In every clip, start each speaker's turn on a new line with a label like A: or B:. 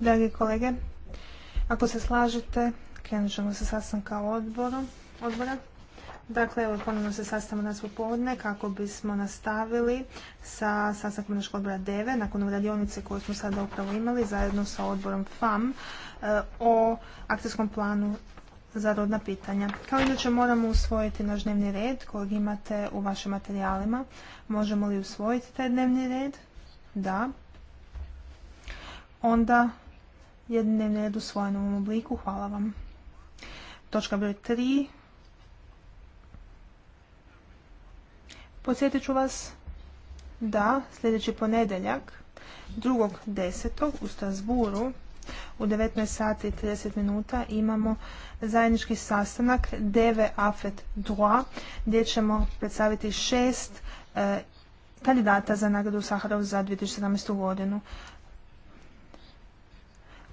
A: Dragi kolege, ako se slažete, krenut ćemo sa sastanka odbora. Dakle, evo ponovno se sastavimo nas popodne kako bismo nastavili sa sastankom našeg odbora DEVE nakon radionice koju smo sada upravo imali zajedno sa odborom FAM e, o akcijskom planu za rodna pitanja. Kao inače moramo usvojiti naš dnevni red kojeg imate u vašim materijalima. Možemo li usvojiti taj dnevni red? Da. Onda je dnevni red usvojen u ovom obliku. Hvala vam. Točka broj 3. Podsjetit ću vas da sljedeći ponedeljak 2.10. u Strasburu u 19 sati i 30 minuta imamo zajednički sastanak Deve Afet 2 gdje ćemo predstaviti šest e, kandidata za nagradu Saharov za 2017. godinu.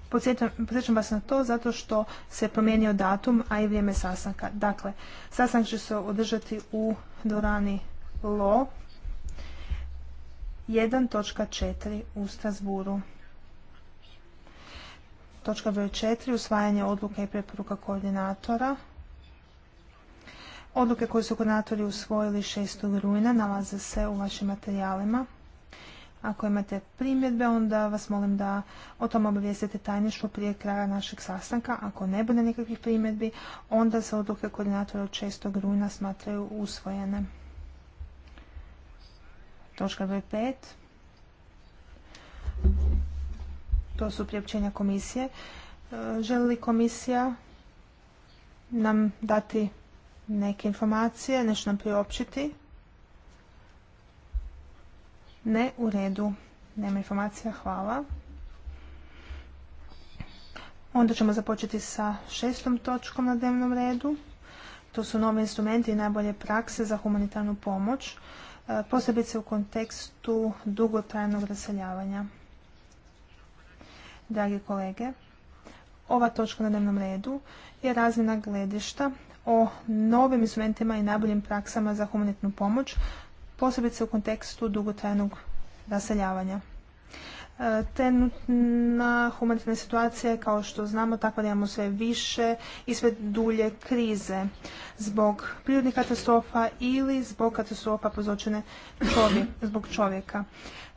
A: Podsjećam vas na to zato što se promijenio datum, a i vrijeme sastanka. Dakle, sastanak će se održati u Dorani LO 1.4 u Strasburu. Točka broj 4. Usvajanje odluke i preporuka koordinatora. Odluke koje su koordinatori usvojili 6. rujna nalaze se u vašim materijalima. Ako imate primjedbe, onda vas molim da o tom obavijestite tajništvo prije kraja našeg sastanka. Ako ne bude nikakvih primjedbi, onda se odluke koordinatora od 6. rujna smatraju usvojene. Točka broj 5. To su priopćenja komisije. E, želi li komisija nam dati neke informacije, nešto nam priopćiti? Ne, u redu. Nema informacija, hvala. Onda ćemo započeti sa šestom točkom na dnevnom redu. To su nove instrumenti i najbolje prakse za humanitarnu pomoć, e, posebice u kontekstu dugotrajnog raseljavanja dragi kolege. Ova točka na dnevnom redu je razmjena gledišta o novim instrumentima i najboljim praksama za humanitnu pomoć, posebice u kontekstu dugotrajnog raseljavanja. E, trenutna humanitarna situacija je, kao što znamo, takva da imamo sve više i sve dulje krize zbog prirodnih katastrofa ili zbog katastrofa prozočene zbog čovjeka.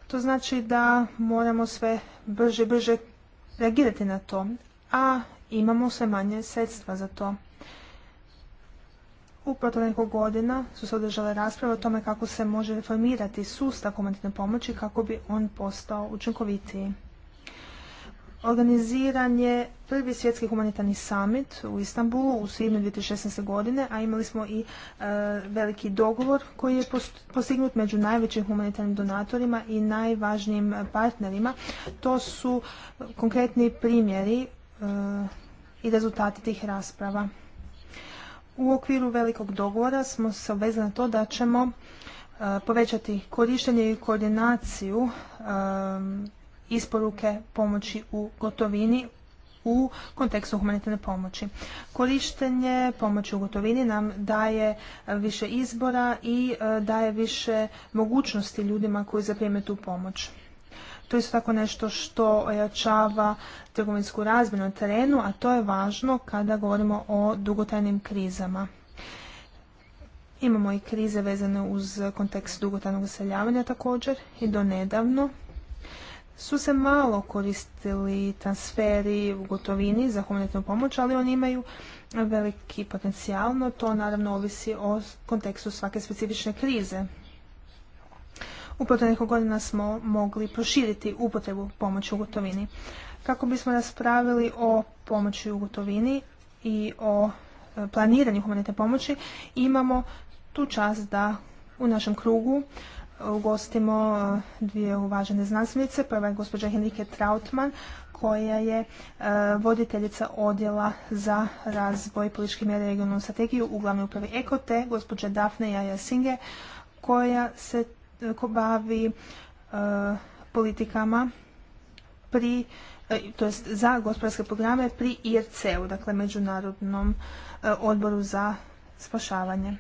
A: To znači da moramo sve brže brže reagirati na to, a imamo sve manje sredstva za to. U proteklih godina su se održale rasprave o tome kako se može reformirati sustav humanitarne pomoći kako bi on postao učinkovitiji. Organiziran je prvi svjetski humanitarni summit u Istanbulu u svibnju 2016. godine, a imali smo i e, veliki dogovor koji je postignut među najvećim humanitarnim donatorima i najvažnijim partnerima. To su konkretni primjeri e, i rezultati tih rasprava. U okviru velikog dogovora smo se obvezali na to da ćemo e, povećati korištenje i koordinaciju isporuke pomoći u gotovini u kontekstu humanitarne pomoći. Korištenje pomoći u gotovini nam daje više izbora i e, daje više mogućnosti ljudima koji zaprime tu pomoć. To je isto tako nešto što ojačava trgovinsku razmjenu na terenu, a to je važno kada govorimo o dugotajnim krizama. Imamo i krize vezane uz kontekst dugotajnog useljavanja također i do nedavno su se malo koristili transferi u gotovini za humanitarnu pomoć, ali oni imaju veliki potencijal, no to naravno ovisi o kontekstu svake specifične krize. U proteklih godina smo mogli proširiti upotrebu pomoći u gotovini. Kako bismo raspravili o pomoći u gotovini i o e, planiranju humanitarne pomoći, imamo tu čast da u našem krugu ugostimo eh, dvije uvažene znanstvenice. Prva je gospođa Henrike Trautman koja je eh, voditeljica odjela za razvoj političke mjere i regionalnu strategiju u glavnoj upravi EKOTE, gospođa Dafne Jajasinge koja se eh, bavi politikama pri to za gospodarske programe pri IRC-u, dakle Međunarodnom odboru za spašavanje.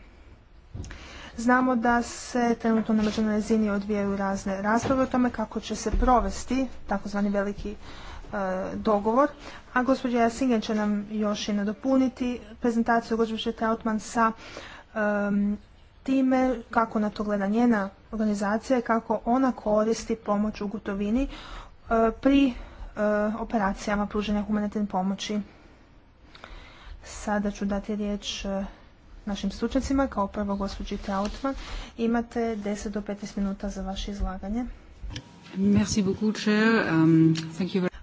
A: Znamo da se trenutno na međunoj razini odvijaju razne rasprave o tome kako će se provesti takozvani veliki e, dogovor. A gospođa Jasingen će nam još i nadopuniti prezentaciju gospođe Trautman sa time kako na to gleda njena organizacija i kako ona koristi pomoć u gotovini e, pri e, operacijama pružanja humanitarne pomoći. Sada ću dati riječ našim stručnjacima. Kao prvo, gospođi Trautman, imate 10 do 15 minuta za vaše izlaganje.
B: Merci beaucoup, um,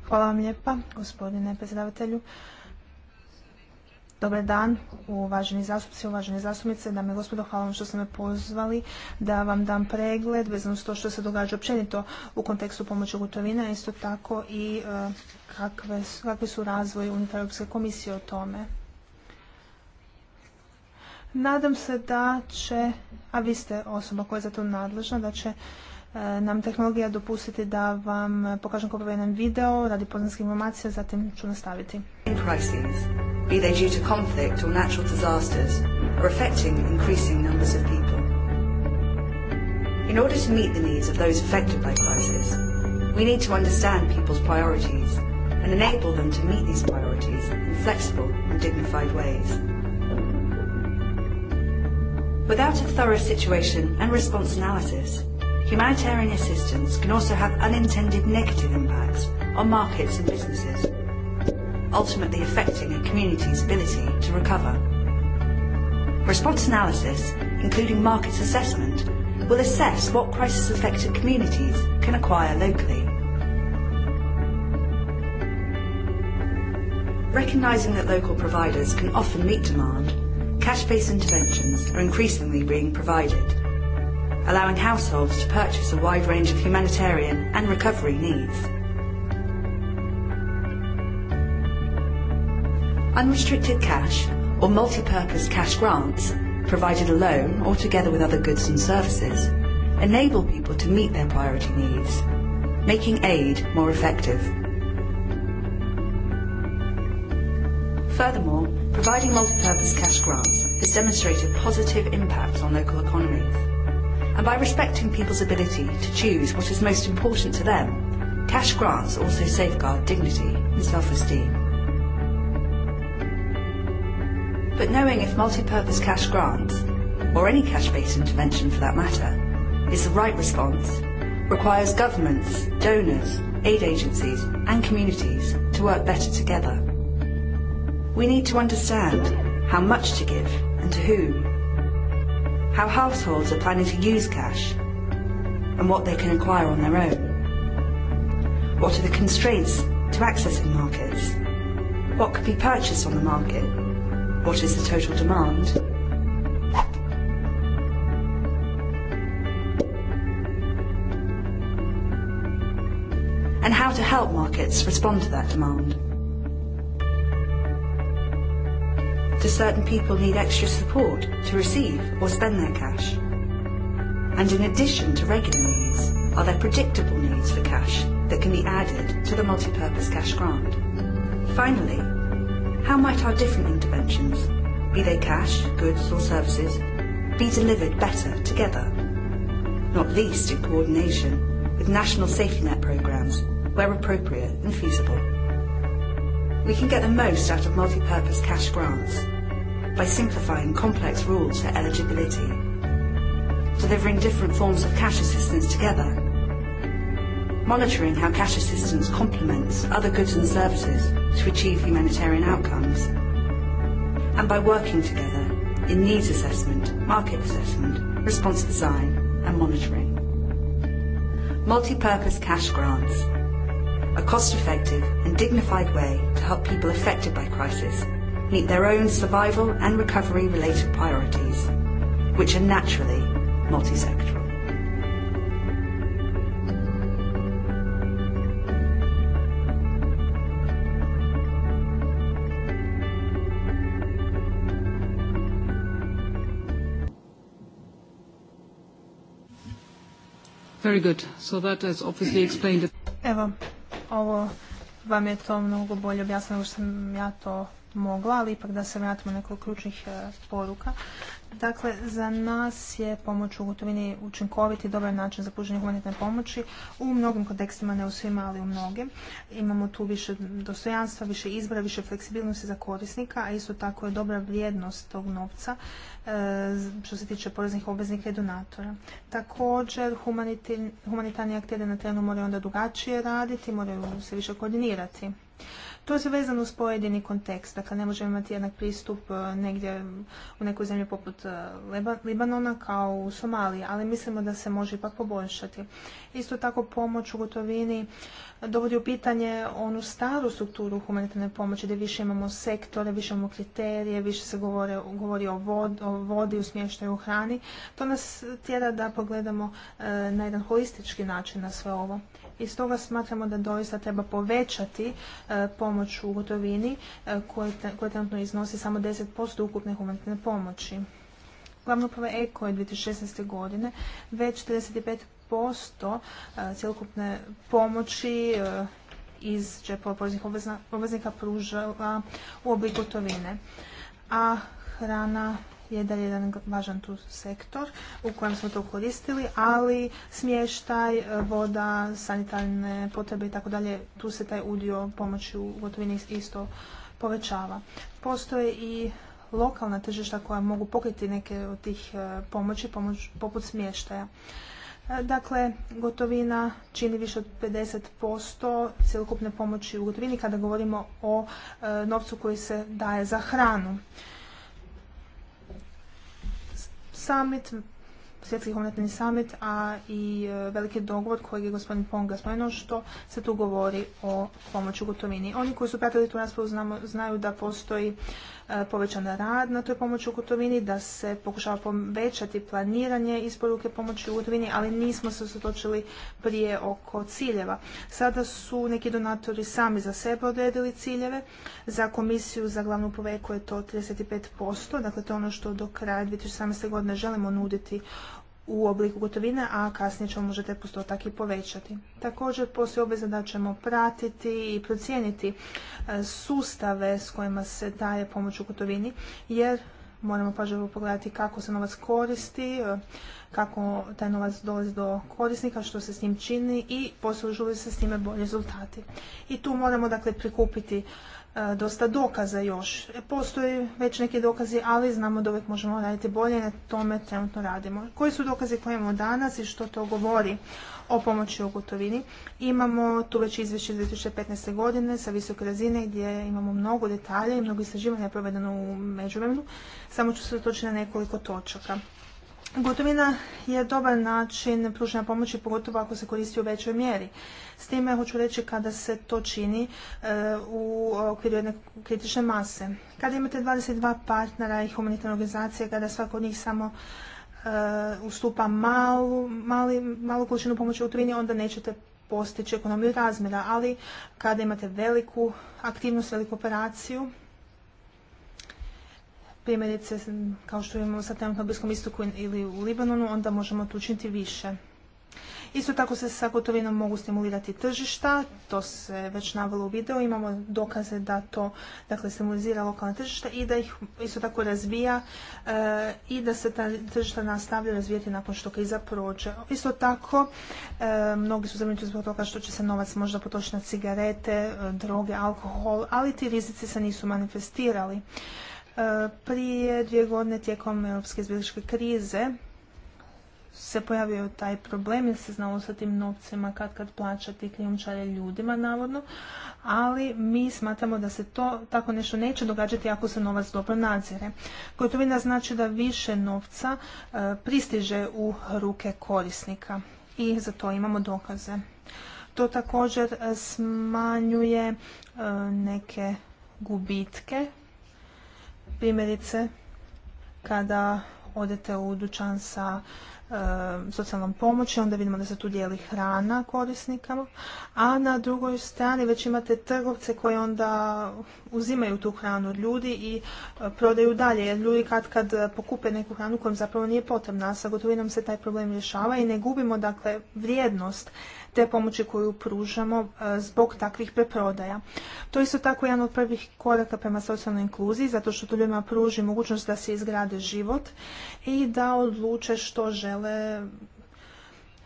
B: Hvala vam
A: lijepa, gospodine
B: predsjedavatelju.
A: Dobar dan, uvaženi zastupci, uvažene zastupnice, dame i gospodo, hvala vam što ste me pozvali da vam dam pregled vezano s to što se događa općenito u kontekstu pomoći gotovina, isto tako i e, kakvi su razvoji unutar Europske komisije o tome. Nadam se da će, a vi ste osoba koja je za to nadležna, da će e, nam tehnologija dopustiti da vam pokažem kako jedan video radi poznanskih informacija, zatim ću nastaviti.
C: Crises, be they due to conflict or natural disasters, are affecting increasing numbers of people. In order to meet the needs of those affected by crisis, we need to understand people's priorities and enable them to meet these priorities in flexible and dignified ways. Without a thorough situation and response analysis, humanitarian assistance can also have unintended negative impacts on markets and businesses, ultimately affecting a community's ability to recover. Response analysis, including markets assessment, will assess what crisis-affected communities can acquire locally. Recognizing that local providers can often meet demand, Cash-based interventions are increasingly being provided, allowing households to purchase a wide range of humanitarian and recovery needs. Unrestricted cash or multi-purpose cash grants, provided alone or together with other goods and services, enable people to meet their priority needs, making aid more effective. Furthermore, Providing multi-purpose cash grants has demonstrated positive impact on local economies. And by respecting people's ability to choose what is most important to them, cash grants also safeguard dignity and self-esteem. But knowing if multi-purpose cash grants, or any cash-based intervention for that matter, is the right response requires governments, donors, aid agencies and communities to work better together. We need to understand how much to give and to whom, how households are planning to use cash and what they can acquire on their own. What are the constraints to accessing markets? What could be purchased on the market? What is the total demand? And how to help markets respond to that demand. Do certain people need extra support to receive or spend their cash? And in addition to regular needs, are there predictable needs for cash that can be added to the multi-purpose cash grant? Finally, how might our different interventions, be they cash, goods or services, be delivered better together? Not least in coordination with national safety net programmes where appropriate and feasible. We can get the most out of multi-purpose cash grants by simplifying complex rules for eligibility, delivering different forms of cash assistance together, monitoring how cash assistance complements other goods and services to achieve humanitarian outcomes, and by working together in needs assessment, market assessment, response design and monitoring. Multi-purpose cash grants, a cost-effective and dignified way to help people affected by crisis meet their own survival and recovery related priorities, which are naturally multi-sectoral.
B: Very good. So that has obviously explained it.
A: Evo, ovo vam je to mnogo bolje objasnilo što sam ja to mogla, ali ipak da se vratimo nekoliko ključnih e, poruka. Dakle, za nas je pomoć u gotovini učinkoviti i dobar način za pružanje humanitarne pomoći u mnogim kontekstima, ne u svima, ali u mnogim. Imamo tu više dostojanstva, više izbora, više fleksibilnosti za korisnika, a isto tako je dobra vrijednost tog novca e, što se tiče poreznih obveznika i donatora. Također, humanitarni akteri na terenu moraju onda drugačije raditi, moraju se više koordinirati. To se vezano uz pojedini kontekst. Dakle, ne možemo imati jednak pristup e, negdje u nekoj zemlji poput e, Libanona kao u Somaliji, ali mislimo da se može ipak poboljšati. Isto tako pomoć u gotovini e, dovodi u pitanje onu staru strukturu humanitarne pomoći gdje više imamo sektore, više imamo kriterije, više se govori o, vodi, u smještaju, u hrani. To nas tjera da pogledamo na jedan holistički način na sve ovo i stoga smatramo da doista treba povećati e, pomoć u gotovini e, koja trenutno iznosi samo 10% ukupne humanitarne pomoći. Glavno uprava EKO je 2016. godine već 45% e, cjelokupne pomoći iz džepova poreznih obveznika pružala u obliku gotovine, a hrana je dalje jedan važan tu sektor u kojem smo to koristili, ali smještaj, e, voda, sanitarne potrebe i tako dalje, tu se taj udio pomoći u gotovini isto povećava. Postoje i lokalna tržišta koja mogu pokriti neke od tih e, pomoći, poput smještaja. E, dakle, gotovina čini više od 50% cjelokupne pomoći u gotovini kada govorimo o novcu koji se daje za hranu summit, svjetski humanitarni summit, a i e, veliki dogovor kojeg je gospodin Ponga spomenuo što se tu govori o pomoći gotovini. Oni koji su pratili tu raspravu znaju da postoji E, povećan rad na toj pomoći u gotovini, da se pokušava povećati planiranje isporuke pomoći u gotovini, ali nismo se sotočili prije oko ciljeva. Sada su neki donatori sami za sebe odredili ciljeve. Za komisiju za glavnu poveku je to 35%, dakle to je ono što do kraja 2017. godine želimo nuditi u obliku gotovine, a kasnije ćemo možete taj postotak i povećati. Također postoji obveza da ćemo pratiti i procijeniti e, sustave s kojima se daje pomoć u gotovini, jer moramo pažljivo pogledati kako se novac koristi, e, kako taj novac dolazi do korisnika, što se s njim čini i poslužuju se s njime bolji rezultati. I tu moramo dakle prikupiti E, dosta dokaza još. E, postoje već neki dokazi, ali znamo da uvijek možemo raditi bolje, na tome trenutno radimo. Koji su dokazi koje imamo danas i što to govori o pomoći u gotovini? Imamo tu već izvješće iz 2015. godine sa visoke razine gdje imamo mnogo detalja i mnogo istraživanja provedeno u međuvremenu. Samo ću se otočiti na nekoliko točaka. Gotovina je dobar način pružanja pomoći, pogotovo ako se koristi u većoj mjeri. S time hoću reći kada se to čini e, u okviru jedne kritične mase. Kada imate 22 partnera i humanitarne organizacije, kada svako od njih samo e, ustupa malu, mali, količinu pomoći u gotovini onda nećete postići ekonomiju razmjera, ali kada imate veliku aktivnost, veliku operaciju, primjerice kao što imamo sa trenutno Bliskom istoku ili u Libanonu, onda možemo tu učiniti više. Isto tako se sa gotovinom mogu stimulirati tržišta, to se već navelo u video, imamo dokaze da to dakle, stimulizira lokalna tržišta i da ih isto tako razvija eh, i da se ta tržišta nastavlja razvijati nakon što kriza prođe. Isto tako, eh, mnogi su zabrinuti zbog toga što će se novac možda potrošiti na cigarete, eh, droge, alkohol, ali ti rizici se nisu manifestirali. Prije dvije godine tijekom europske izbjegličke krize se pojavio taj problem jer se znalo sa tim novcima kad kad plaćati krijumčare ljudima navodno, ali mi smatramo da se to tako nešto neće događati ako se novac dobro nadzire. Gotovina znači da više novca e, pristiže u ruke korisnika i za to imamo dokaze. To također smanjuje e, neke gubitke Primjerice, kada odete u dućan sa e, socijalnom pomoći, onda vidimo da se tu dijeli hrana korisnikom, a na drugoj strani već imate trgovce koji onda uzimaju tu hranu od ljudi i e, prodaju dalje, jer ljudi kad kad pokupe neku hranu kojom zapravo nije potrebna, sa gotovinom se taj problem rješava i ne gubimo dakle vrijednost te pomoći koju pružamo e, zbog takvih preprodaja. To je isto tako jedan od prvih koraka prema socijalnoj inkluziji, zato što to ljudima pruži mogućnost da se izgrade život i da odluče što žele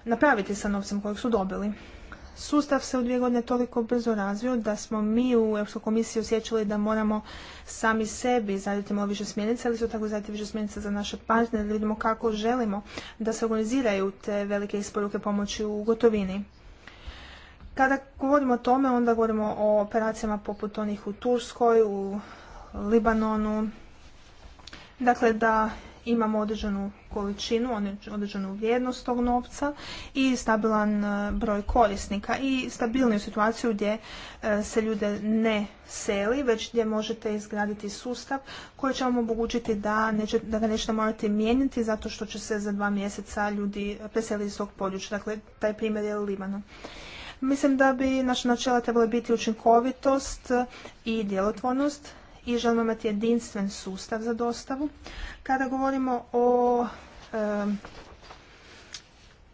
A: napraviti sa novcem kojeg su dobili sustav se u dvije godine toliko brzo razvio da smo mi u Europskoj komisiji osjećali da moramo sami sebi zaditi malo više smjernica, ali su tako zaditi više smjernica za naše partnere, da vidimo kako želimo da se organiziraju te velike isporuke pomoći u gotovini. Kada govorimo o tome, onda govorimo o operacijama poput onih u Turskoj, u Libanonu, dakle da imamo određenu količinu, određenu vrijednost tog novca i stabilan e, broj korisnika i stabilniju situaciju gdje e, se ljude ne seli, već gdje možete izgraditi sustav koji će vam omogućiti da, neće, da ga nešto morati mijenjati zato što će se za dva mjeseca ljudi preseliti iz tog područja. Dakle, taj primjer je u Mislim da bi naša načela trebala biti učinkovitost i djelotvornost, i želimo imati jedinstven sustav za dostavu. Kada govorimo o e,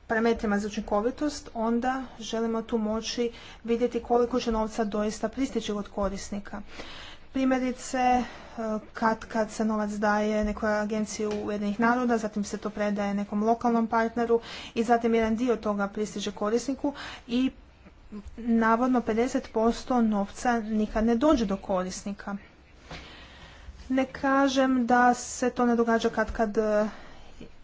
A: parametrima za učinkovitost, onda želimo tu moći vidjeti koliko će novca doista pristići od korisnika. Primjerice, eh, kad, kad se novac daje nekoj agenciji jednih naroda, zatim se to predaje nekom lokalnom partneru i zatim jedan dio toga pristiže korisniku i navodno 50% novca nikad ne dođe do korisnika. Ne kažem da se to ne događa kad kad e,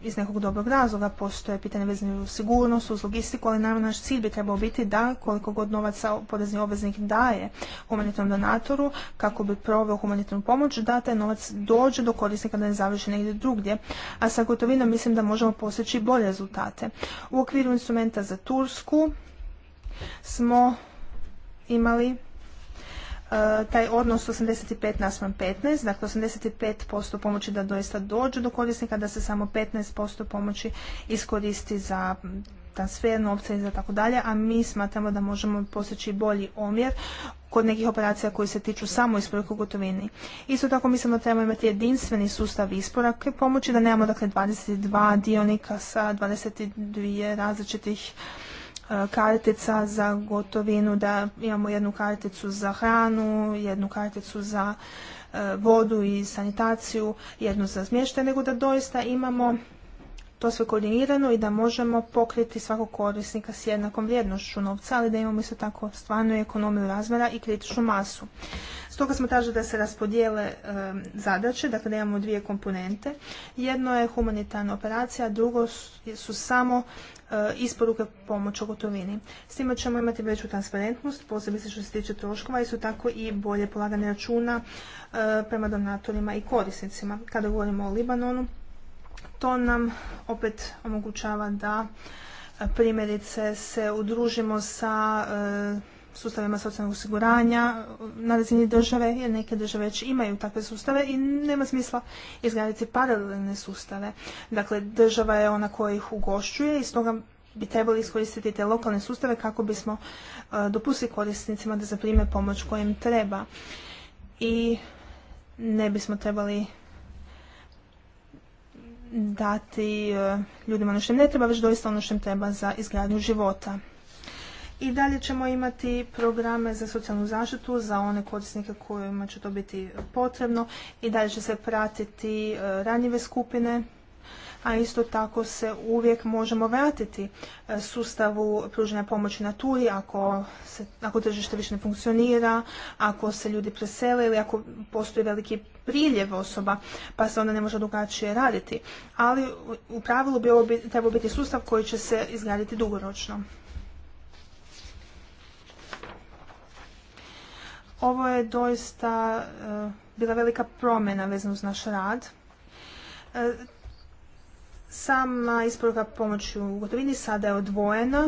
A: iz nekog dobrog razloga postoje pitanje vezane u sigurnost, uz logistiku, ali naravno naš cilj bi trebao biti da koliko god novaca porezni obveznik daje humanitarnom donatoru kako bi proveo humanitarnu pomoć, da taj novac dođe do korisnika da ne završi negdje drugdje. A sa gotovinom mislim da možemo postići bolje rezultate. U okviru instrumenta za Tursku smo imali taj odnos 85 naspram 15, dakle 85% pomoći da doista dođu do korisnika, da se samo 15% pomoći iskoristi za transfer novca i za tako dalje, a mi smatramo da možemo postići bolji omjer kod nekih operacija koji se tiču samo isporuke u gotovini. Isto tako mislim da trebamo imati jedinstveni sustav isporuke pomoći, da nemamo dakle 22 dionika sa 22 različitih kartica za gotovinu, da imamo jednu karticu za hranu, jednu karticu za e, vodu i sanitaciju, jednu za smještaj, nego da doista imamo to sve koordinirano i da možemo pokriti svakog korisnika s jednakom vrijednošću novca, ali da imamo isto tako stvarnu ekonomiju razmjera i kritičnu masu. Stoga smo tražili da se raspodijele e, zadaće, dakle da imamo dvije komponente. Jedno je humanitarna operacija, drugo su samo E, isporuke pomoć u gotovini. S time ćemo imati veću transparentnost, posebice što se tiče troškova, i su tako i bolje polagane računa e, prema donatorima i korisnicima. Kada govorimo o Libanonu, to nam opet omogućava da e, primjerice se udružimo sa sustavima socijalnog osiguranja na razini države, jer neke države već imaju takve sustave i nema smisla izgraditi paralelne sustave. Dakle, država je ona koja ih ugošćuje i stoga bi trebali iskoristiti te lokalne sustave kako bismo e, dopustili korisnicima da zaprime pomoć koja im treba. I ne bismo trebali dati e, ljudima ono što im ne treba, već doista ono što im treba za izgradnju života. I dalje ćemo imati programe za socijalnu zaštitu za one korisnike kojima će to biti potrebno i dalje će se pratiti e, ranjive skupine, a isto tako se uvijek možemo vratiti e, sustavu pružanja pomoći naturi ako, se, ako tržište više ne funkcionira, ako se ljudi presele ili ako postoji veliki priljev osoba, pa se onda ne može drugačije raditi. Ali u pravilu bi ovo trebao biti sustav koji će se izgraditi dugoročno. Ovo je doista e, bila velika promjena vezano uz naš rad. E, sama isporuka pomoći u gotovini sada je odvojena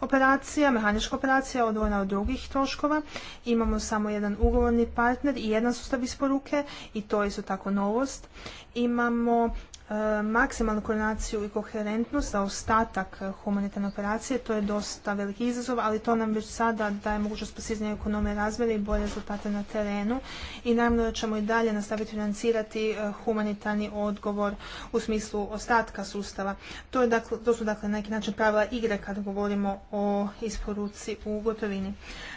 A: operacija, mehanička operacija odvojena od drugih troškova. Imamo samo jedan ugovorni partner i jedan sustav isporuke i to je isto tako novost. Imamo E, maksimalnu koordinaciju i koherentnost za ostatak e, humanitarne operacije. To je dosta veliki izazov, ali to nam već sada daje mogućnost preciznije ekonome razmjere i bolje rezultate na terenu. I naravno da ćemo i dalje nastaviti financirati e, humanitarni odgovor u smislu ostatka sustava. To, je dakle, su dakle na neki način pravila igre kada govorimo o isporuci u gotovini.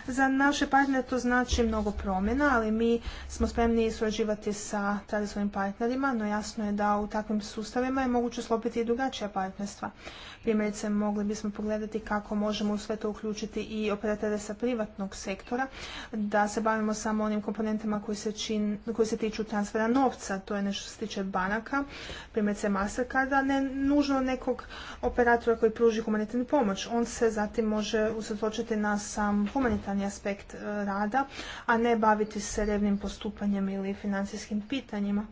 A: Za naše partnere to znači mnogo promjena, ali mi smo spremni surađivati sa tradicionalnim partnerima, no jasno je da u takvim sustavima je moguće slopiti i drugačija partnerstva. Primjerice, mogli bismo pogledati kako možemo u sve to uključiti i operatere sa privatnog sektora, da se bavimo samo onim komponentama koji se, koji se tiču transfera novca, to je nešto što se tiče banaka, primjerice Mastercarda, ne nužno nekog operatora koji pruži humanitarnu pomoć. On se zatim može usredočiti na sam humanitarni aspekt e, rada, a ne baviti se revnim postupanjem ili financijskim pitanjima.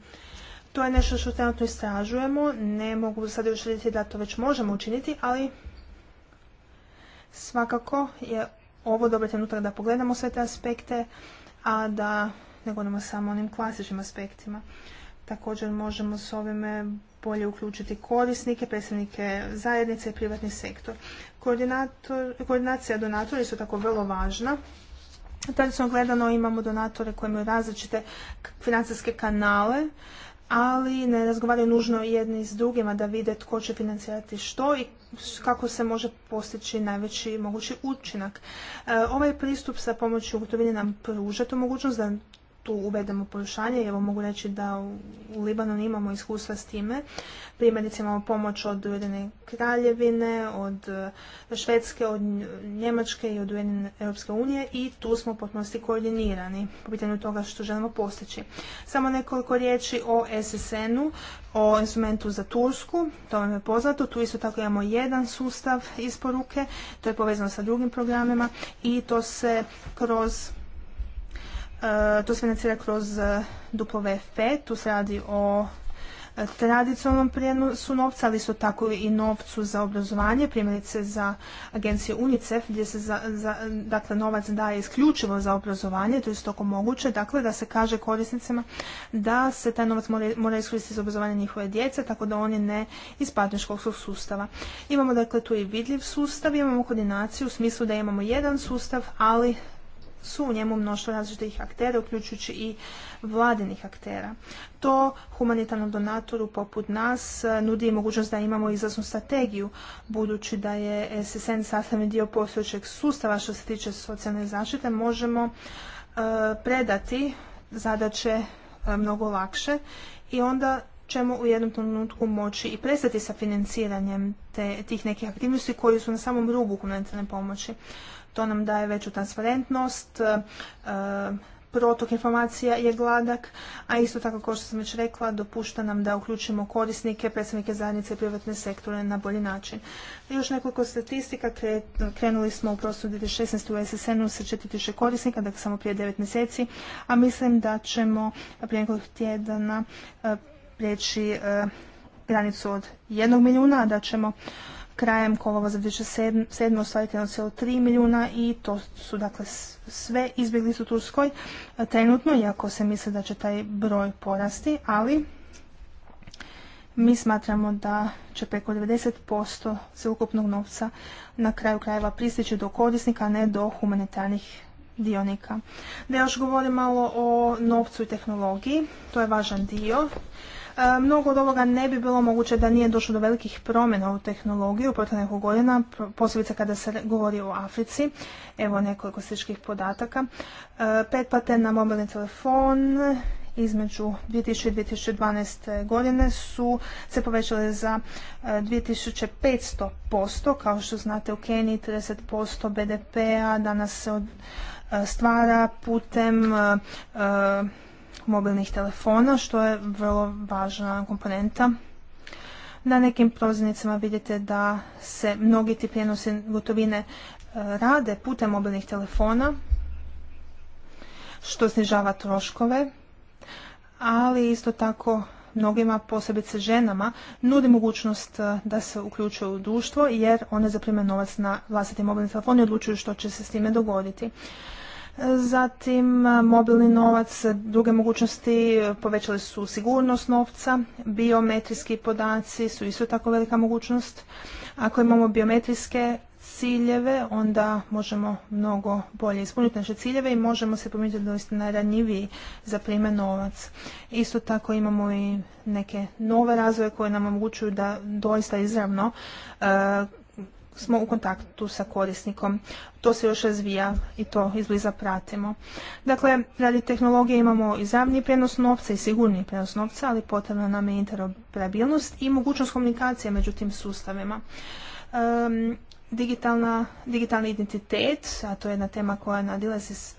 A: To je nešto što trenutno istražujemo, ne mogu sad još reći da to već možemo učiniti, ali svakako je ovo dobar trenutak da pogledamo sve te aspekte, a da ne govorimo samo onim klasičnim aspektima. Također možemo s ovime bolje uključiti korisnike, predstavnike zajednice i privatni sektor. koordinacija donatora je tako vrlo važna. Tradicionalno gledano imamo donatore koji imaju različite financijske kanale, ali ne razgovaraju nužno jedni s drugima da vide tko će financirati što i kako se može postići najveći mogući učinak. E, ovaj pristup sa pomoću gotovine nam pruža tu mogućnost da tu uvedemo i Evo mogu reći da u Libanonu imamo iskustva s time. Primjerice imamo pomoć od Ujedine kraljevine, od eh, Švedske, od Njemačke i od Ujedine Europske unije i tu smo potpunosti koordinirani po pitanju toga što želimo postići. Samo nekoliko riječi o SSN-u, o instrumentu za Tursku, to vam je poznato. Tu isto tako imamo jedan sustav isporuke, to je povezano sa drugim programima i to se kroz E, to se financira kroz duplo e, tu se radi o e, tradicionalnom prijenosu novca, ali isto tako i novcu za obrazovanje, primjerice za agencije UNICEF, gdje se za, dakle, novac daje isključivo za obrazovanje, to je stoko moguće, dakle da se kaže korisnicima da se taj novac mora, mora iskoristiti za obrazovanje njihove djece, tako da oni ne iz školskog sustava. Imamo dakle tu i vidljiv sustav, imamo koordinaciju u smislu da imamo jedan sustav, ali su u njemu mnoštvo različitih aktera, uključujući i vladinih aktera. To humanitarnom donatoru poput nas e, nudi mogućnost da imamo izlaznu strategiju, budući da je SSN sastavni dio postojećeg sustava što se tiče socijalne zaštite, možemo e, predati zadaće e, mnogo lakše i onda ćemo u jednom trenutku moći i prestati sa financiranjem tih nekih aktivnosti koji su na samom rubu humanitarne pomoći to nam daje veću transparentnost, e, e, protok informacija je gladak, a isto tako kao što sam već rekla, dopušta nam da uključimo korisnike, predstavnike zajednice i privatne sektore na bolji način. Još nekoliko statistika, krenuli smo u prostoru 2016. u SSN-u sa 4000 korisnika, dakle samo prije 9 mjeseci, a mislim da ćemo prije nekoliko tjedana e, prijeći granicu od jednog milijuna, da ćemo krajem kolova za 2007. ostvariti 1,3 milijuna i to su dakle sve izbjegli su Turskoj trenutno, iako se misle da će taj broj porasti, ali mi smatramo da će preko 90% sveukupnog novca na kraju krajeva pristići do korisnika, a ne do humanitarnih dionika. Da još govorim malo o novcu i tehnologiji, to je važan dio. E, mnogo od ovoga ne bi bilo moguće da nije došlo do velikih promjena u tehnologiju u nekog godina, posebice kada se govori o Africi. Evo nekoliko sličkih podataka. E, pretplate na mobilni telefon između 2000 i 2012. godine su se povećale za 2500%. E, kao što znate u Keniji 30% BDP-a danas se stvara putem mobilnih telefona, što je vrlo važna komponenta. Na nekim prozirnicama vidite da se mnogi ti prijenosi gotovine e, rade putem mobilnih telefona, što snižava troškove, ali isto tako mnogima, posebice ženama, nudi mogućnost e, da se uključuju u društvo jer one zaprime novac na vlastiti mobilni telefon i odlučuju što će se s time dogoditi. Zatim mobilni novac, druge mogućnosti povećali su sigurnost novca, biometrijski podaci su isto tako velika mogućnost. Ako imamo biometrijske ciljeve, onda možemo mnogo bolje ispuniti naše ciljeve i možemo se pomijeniti doista najranjiviji za prime novac. Isto tako imamo i neke nove razvoje koje nam omogućuju da doista izravno smo u kontaktu sa korisnikom. To se još razvija i to izbliza pratimo. Dakle, radi tehnologije imamo i zavni prijenos novca i sigurni prijenos novca, ali potrebna nam je interoperabilnost i mogućnost komunikacije među tim sustavima. digitalna, digitalni identitet, a to je jedna tema koja nadilazi s,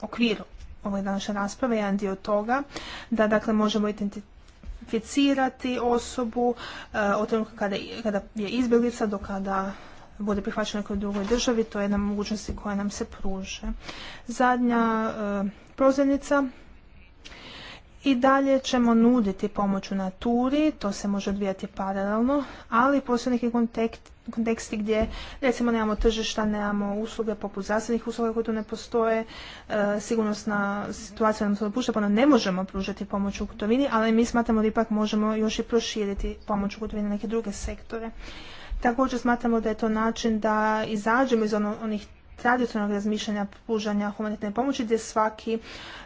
A: okviru ove današnje rasprave, jedan dio toga, da dakle možemo identitet identificirati osobu e, od trenutka kada, je izbjeglica do kada bude prihvaćena nekoj drugoj državi. To je jedna mogućnost koja nam se pruže. Zadnja e, prozirnica i dalje ćemo nuditi pomoć u naturi, to se može odvijati paralelno, ali postoje neki konteksti gdje recimo nemamo tržišta, nemamo usluge poput zdravstvenih usluga koje tu ne postoje, sigurnostna e, sigurnosna situacija nam se dopušta, pa ne možemo pružati pomoć u kutovini, ali mi smatramo da ipak možemo još i proširiti pomoć u kutovini na neke druge sektore. Također smatramo da je to način da izađemo iz ono, onih tradicionalnog razmišljanja pružanja humanitarne pomoći gdje svaki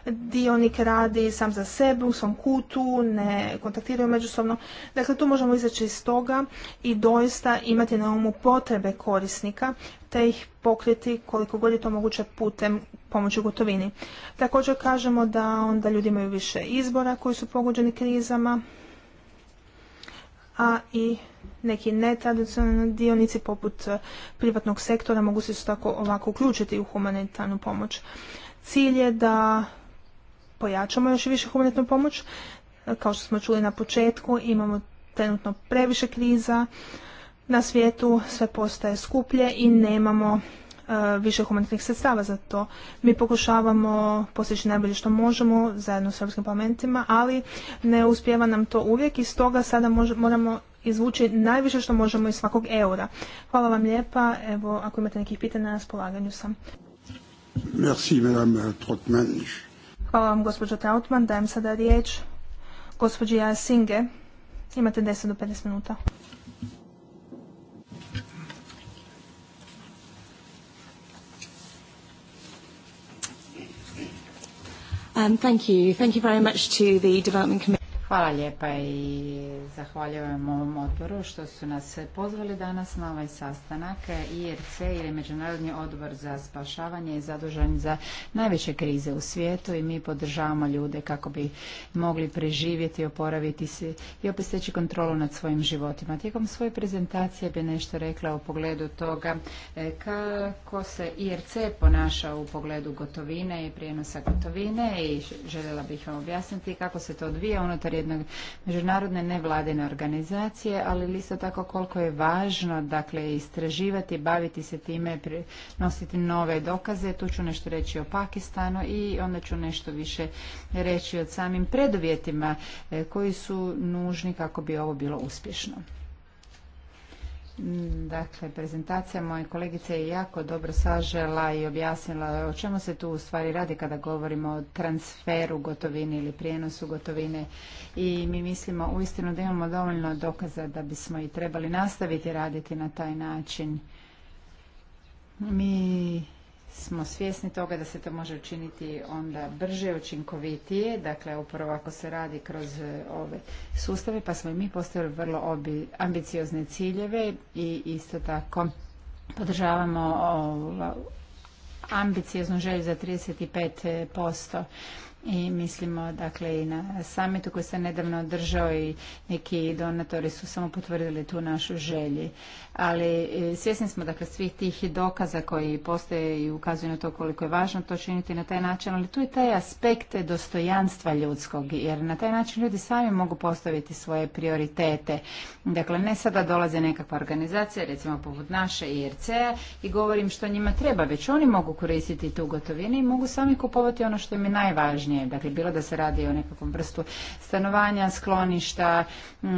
A: dionik radi sam za sebe, u svom kutu, ne kontaktiraju međusobno. Dakle, tu možemo izaći iz toga i doista imati na umu potrebe korisnika te ih pokriti koliko god je to moguće putem pomoći u gotovini. Također kažemo da onda ljudi imaju više izbora koji su pogođeni krizama, a i neki netradicionalni dionici poput e, privatnog sektora mogu se tako ovako uključiti u humanitarnu pomoć. Cilj je da pojačamo još više humanitarnu pomoć. E, kao što smo čuli na početku, imamo trenutno previše kriza na svijetu, sve postaje skuplje i nemamo e, više humanitarnih sredstava za to. Mi pokušavamo postići najbolje što možemo zajedno s europskim parlamentima, ali ne uspijeva nam to uvijek i stoga sada moramo izvući najviše što možemo iz svakog eura. Hvala vam lijepa. Evo, ako imate nekih pitanja, na raspolaganju sam.
C: Merci, madame
A: Hvala vam, gospođo Trautman. Dajem sada riječ gospođi Jasinge. Imate 10 do 15 minuta.
C: Um, thank you. Thank you very much to the Development Committee.
B: Hvala lijepa i zahvaljujem ovom odboru što su nas pozvali danas na ovaj sastanak. IRC ili Međunarodni odbor za spašavanje je zadužen za najveće krize u svijetu i mi podržavamo ljude kako bi mogli preživjeti, oporaviti se i opet steći kontrolu nad svojim životima. Tijekom svoje prezentacije bi nešto rekla u pogledu toga e, kako se IRC ponaša u pogledu gotovine i prijenosa gotovine i željela bih vam objasniti kako se to odvija unutar jedne međunarodne nevladine organizacije, ali isto tako koliko je važno dakle, istraživati, baviti se time, nositi nove dokaze. Tu ću nešto reći o Pakistanu i onda ću nešto više reći o samim preduvjetima e, koji su nužni kako bi ovo bilo uspješno. Mm, dakle, prezentacija moje kolegice je jako dobro sažela i objasnila o čemu se tu u stvari radi kada govorimo o transferu gotovine ili prijenosu gotovine i mi mislimo uistinu da imamo dovoljno dokaza da bismo i trebali nastaviti raditi na taj način. Mi smo svjesni toga da se to može učiniti onda brže, učinkovitije, dakle upravo ako se radi kroz e, ove sustave, pa smo i mi postavili vrlo ambiciozne ciljeve i isto tako podržavamo ambicioznu želju za 35% i mislimo dakle i na samitu koji se nedavno održao i neki donatori su samo potvrdili tu našu želji. Ali e, svjesni smo dakle svih tih dokaza koji postoje i ukazuju na to koliko je važno to činiti na taj način, ali tu je taj aspekt dostojanstva ljudskog, jer na taj način ljudi sami mogu postaviti svoje prioritete. Dakle, ne sada dolaze nekakva organizacija, recimo poput naše IRC-a i govorim što njima treba, već oni mogu koristiti tu gotovinu i mogu sami kupovati ono što im je najvažnije najvažnije. dakle bilo da se radi o nekakvom vrstu stanovanja, skloništa,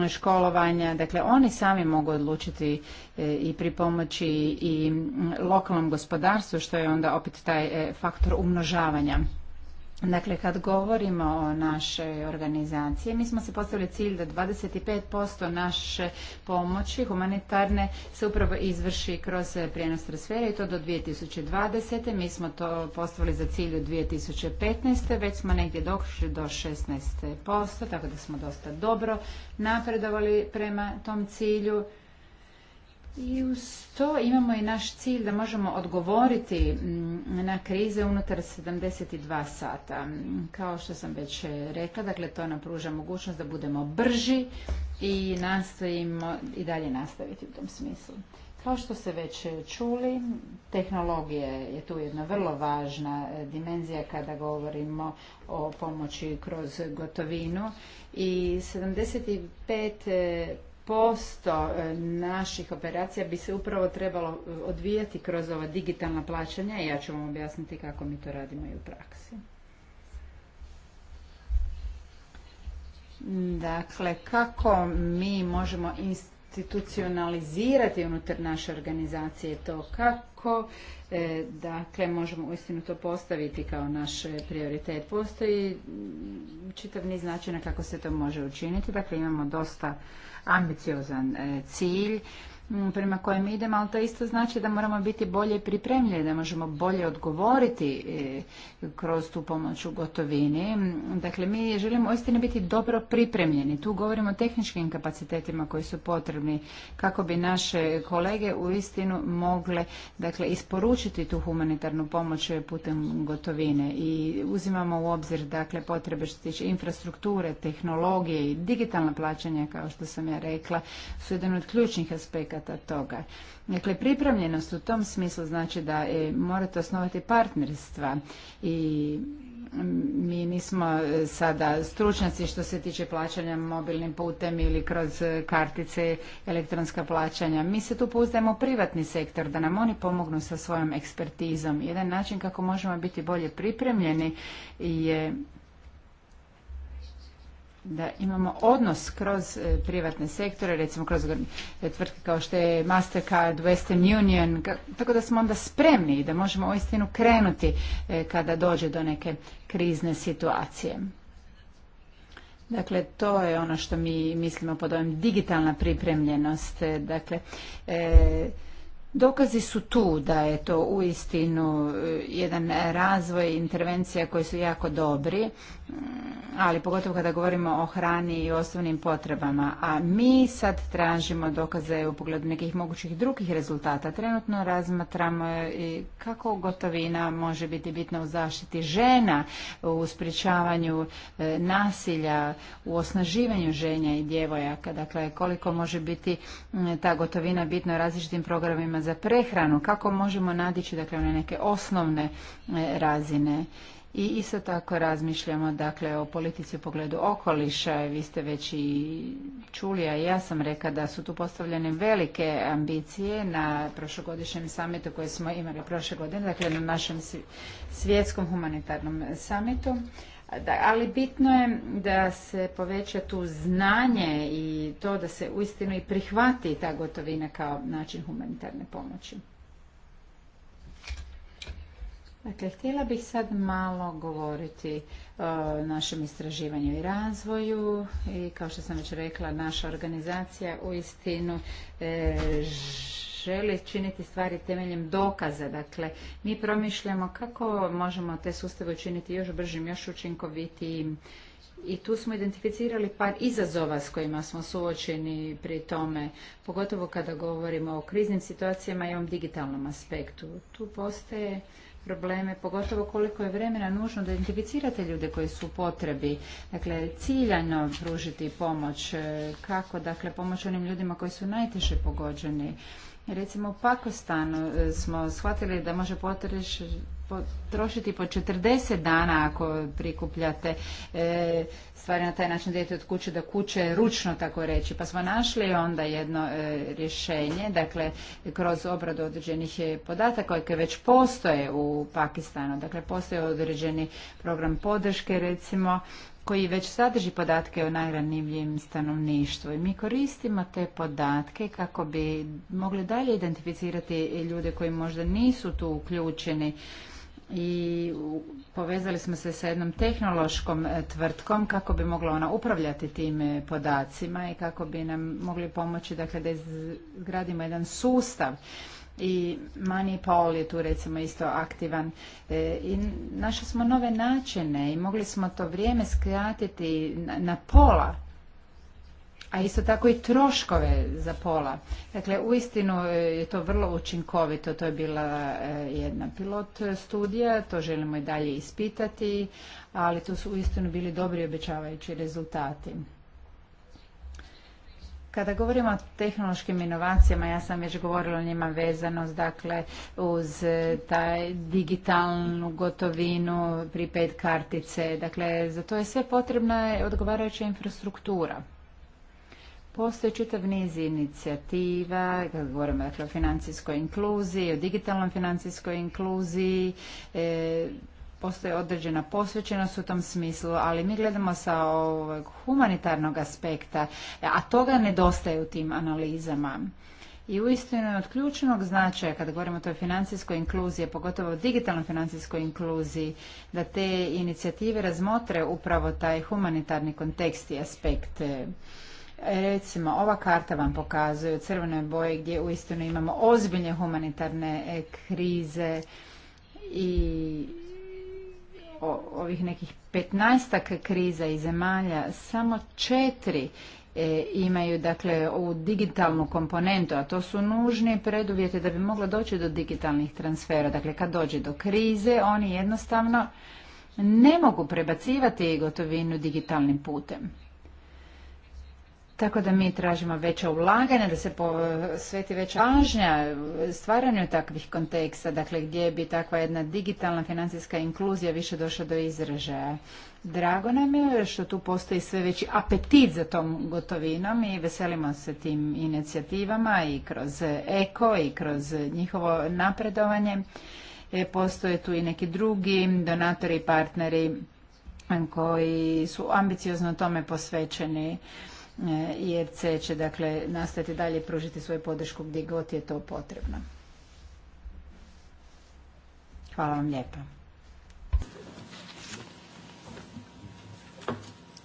B: školovanja, dakle oni sami mogu odlučiti e, i pri pomoći i lokalnom gospodarstvu što je onda opet taj e, faktor umnožavanja. Dakle, kad govorimo o našoj organizaciji, mi smo se postavili cilj da 25% naše pomoći humanitarne se upravo izvrši kroz prijenos transfera i to do 2020. Mi smo to postavili za cilj u 2015. Već smo negdje došli do 16%, tako da smo dosta dobro napredovali prema tom cilju. I uz to imamo i naš cilj da možemo odgovoriti mm, na krize unutar 72 sata. Kao što sam već rekla, dakle to nam pruža mogućnost da budemo brži i nastojimo i dalje nastaviti u tom smislu. Kao što ste već čuli, tehnologija je tu jedna vrlo važna e, dimenzija kada govorimo o pomoći kroz gotovinu i 75 posto e, naših operacija bi se upravo trebalo e, odvijati kroz ova digitalna plaćanja i ja ću vam objasniti kako mi to radimo i u praksi. Dakle, kako mi možemo institucionalizirati unutar naše organizacije to kako e, dakle možemo uistinu to postaviti kao naš prioritet. Postoji čitav niz načina kako se to može učiniti. Dakle, imamo dosta ambiciozan e, cilj prema kojem idemo, ali to isto znači da moramo biti bolje pripremljeni, da možemo bolje odgovoriti e, kroz tu pomoć u gotovini. Dakle, mi želimo istine biti dobro pripremljeni. Tu govorimo o tehničkim kapacitetima koji su potrebni kako bi naše kolege u mogle dakle, isporučiti tu humanitarnu pomoć putem gotovine i uzimamo u obzir dakle, potrebe što se tiče infrastrukture, tehnologije i digitalna plaćanja, kao što sam ja rekla, su jedan od ključnih aspekata toga. Dakle, pripremljenost u tom smislu znači da e, morate osnovati partnerstva i mm, mi nismo e, sada stručnjaci što se tiče plaćanja mobilnim putem ili kroz e, kartice elektronska plaćanja. Mi se tu pouzdajemo u privatni sektor da nam oni pomognu sa svojom ekspertizom. Jedan način kako možemo biti bolje pripremljeni je da imamo odnos kroz e, privatne sektore, recimo kroz e, tvrtke kao što je Mastercard, Western Union, tako da smo onda spremni i da možemo uistinu krenuti e, kada dođe do neke krizne situacije. Dakle, to je ono što mi mislimo pod ovim digitalna pripremljenost. Dakle, Dokazi su tu da je to uistinu e, jedan razvoj intervencija koji su jako dobri, ali pogotovo kada govorimo o hrani i osnovnim potrebama. A mi sad tražimo dokaze u pogledu nekih mogućih drugih rezultata. Trenutno razmatramo e, i kako gotovina može biti bitna u zaštiti žena, u sprječavanju e, nasilja, u osnaživanju ženja i djevojaka. Dakle, koliko može biti ta gotovina bitna u različitim programima za prehranu, kako možemo nadići dakle, neke osnovne e, razine. I isto tako razmišljamo dakle o politici u pogledu okoliša, vi ste već i čuli, a ja sam rekla da su tu postavljene velike ambicije na prošlogodišnjem samitu koje smo imali prošle godine, dakle na našem svjetskom humanitarnom samitu ali bitno je da se poveća tu znanje i to da se uistinu i prihvati ta gotovina kao način humanitarne pomoći. Dakle, htjela bih sad malo govoriti o našem istraživanju i razvoju i kao što sam već rekla, naša organizacija uistinu e, želi činiti stvari temeljem dokaza. Dakle, mi promišljamo kako možemo te sustave učiniti još bržim, još učinkovitijim. I tu smo identificirali par izazova s kojima smo suočeni pri tome, pogotovo kada govorimo o kriznim situacijama i ovom digitalnom aspektu. Tu postoje probleme, pogotovo koliko je vremena nužno da identificirate ljude koji su u potrebi, dakle ciljano pružiti pomoć, e, kako dakle pomoć onim ljudima koji su najteže pogođeni. Recimo u Pakistanu e, smo shvatili da može potrošiti po 40 dana ako prikupljate e, stvari na taj način dete od kuće do kuće, ručno tako reći. Pa smo našli onda jedno e, rješenje, dakle kroz obradu određenih e, podataka koje već postoje u Pakistanu. Dakle, postoje određeni program podrške recimo koji već sadrži podatke o najranjivijem stanovništvu i mi koristimo te podatke kako bi mogli dalje identificirati ljude koji možda nisu tu uključeni i povezali smo se sa jednom tehnološkom e, tvrtkom kako bi mogla ona upravljati tim e, podacima i kako bi nam mogli pomoći dakle, da izgradimo jedan sustav i Paul je tu recimo isto aktivan e, i našli smo nove načine i mogli smo to vrijeme skratiti na, pola a isto tako i troškove za pola. Dakle, uistinu e, je to vrlo učinkovito. To je bila e, jedna pilot studija, to želimo i dalje ispitati, ali to su uistinu bili dobri obećavajući rezultati. Kada govorimo o tehnološkim inovacijama, ja sam već govorila o njima vezanost, dakle, uz e, taj digitalnu gotovinu, pripet kartice, dakle, za to je sve potrebna odgovarajuća infrastruktura. Postoji čitav niz inicijativa, kada govorimo dakle, o financijskoj inkluziji, o digitalnom financijskoj inkluziji, e, postoji određena posvećenost u tom smislu, ali mi gledamo sa ovog humanitarnog aspekta, a toga nedostaje u tim analizama. I uistinu je od ključnog značaja kada govorimo o toj financijskoj inkluziji, pogotovo o digitalnoj financijskoj inkluziji, da te inicijative razmotre upravo taj humanitarni kontekst i aspekt. E, recimo, ova karta vam pokazuje u crvenoj boji gdje uistinu imamo ozbiljne humanitarne e, krize i ovih nekih petnaestak kriza i zemalja samo četiri e, imaju dakle ovu digitalnu komponentu, a to su nužni preduvjeti da bi moglo doći do digitalnih transfera. Dakle, kad dođe do krize, oni jednostavno ne mogu prebacivati gotovinu digitalnim putem. Tako da mi tražimo veća ulaganja, da se posveti veća pažnja stvaranju takvih konteksta, dakle gdje bi takva jedna digitalna financijska inkluzija više došla do izražaja. Drago nam je što tu postoji sve veći apetit za tom gotovinom i veselimo se tim inicijativama i kroz eko i kroz njihovo napredovanje. E, postoje tu i neki drugi donatori i partneri koji su ambiciozno tome posvećeni. E, IFC će dakle nastaviti dalje pružiti svoju podršku gdje god je to potrebno. Hvala vam lijepa.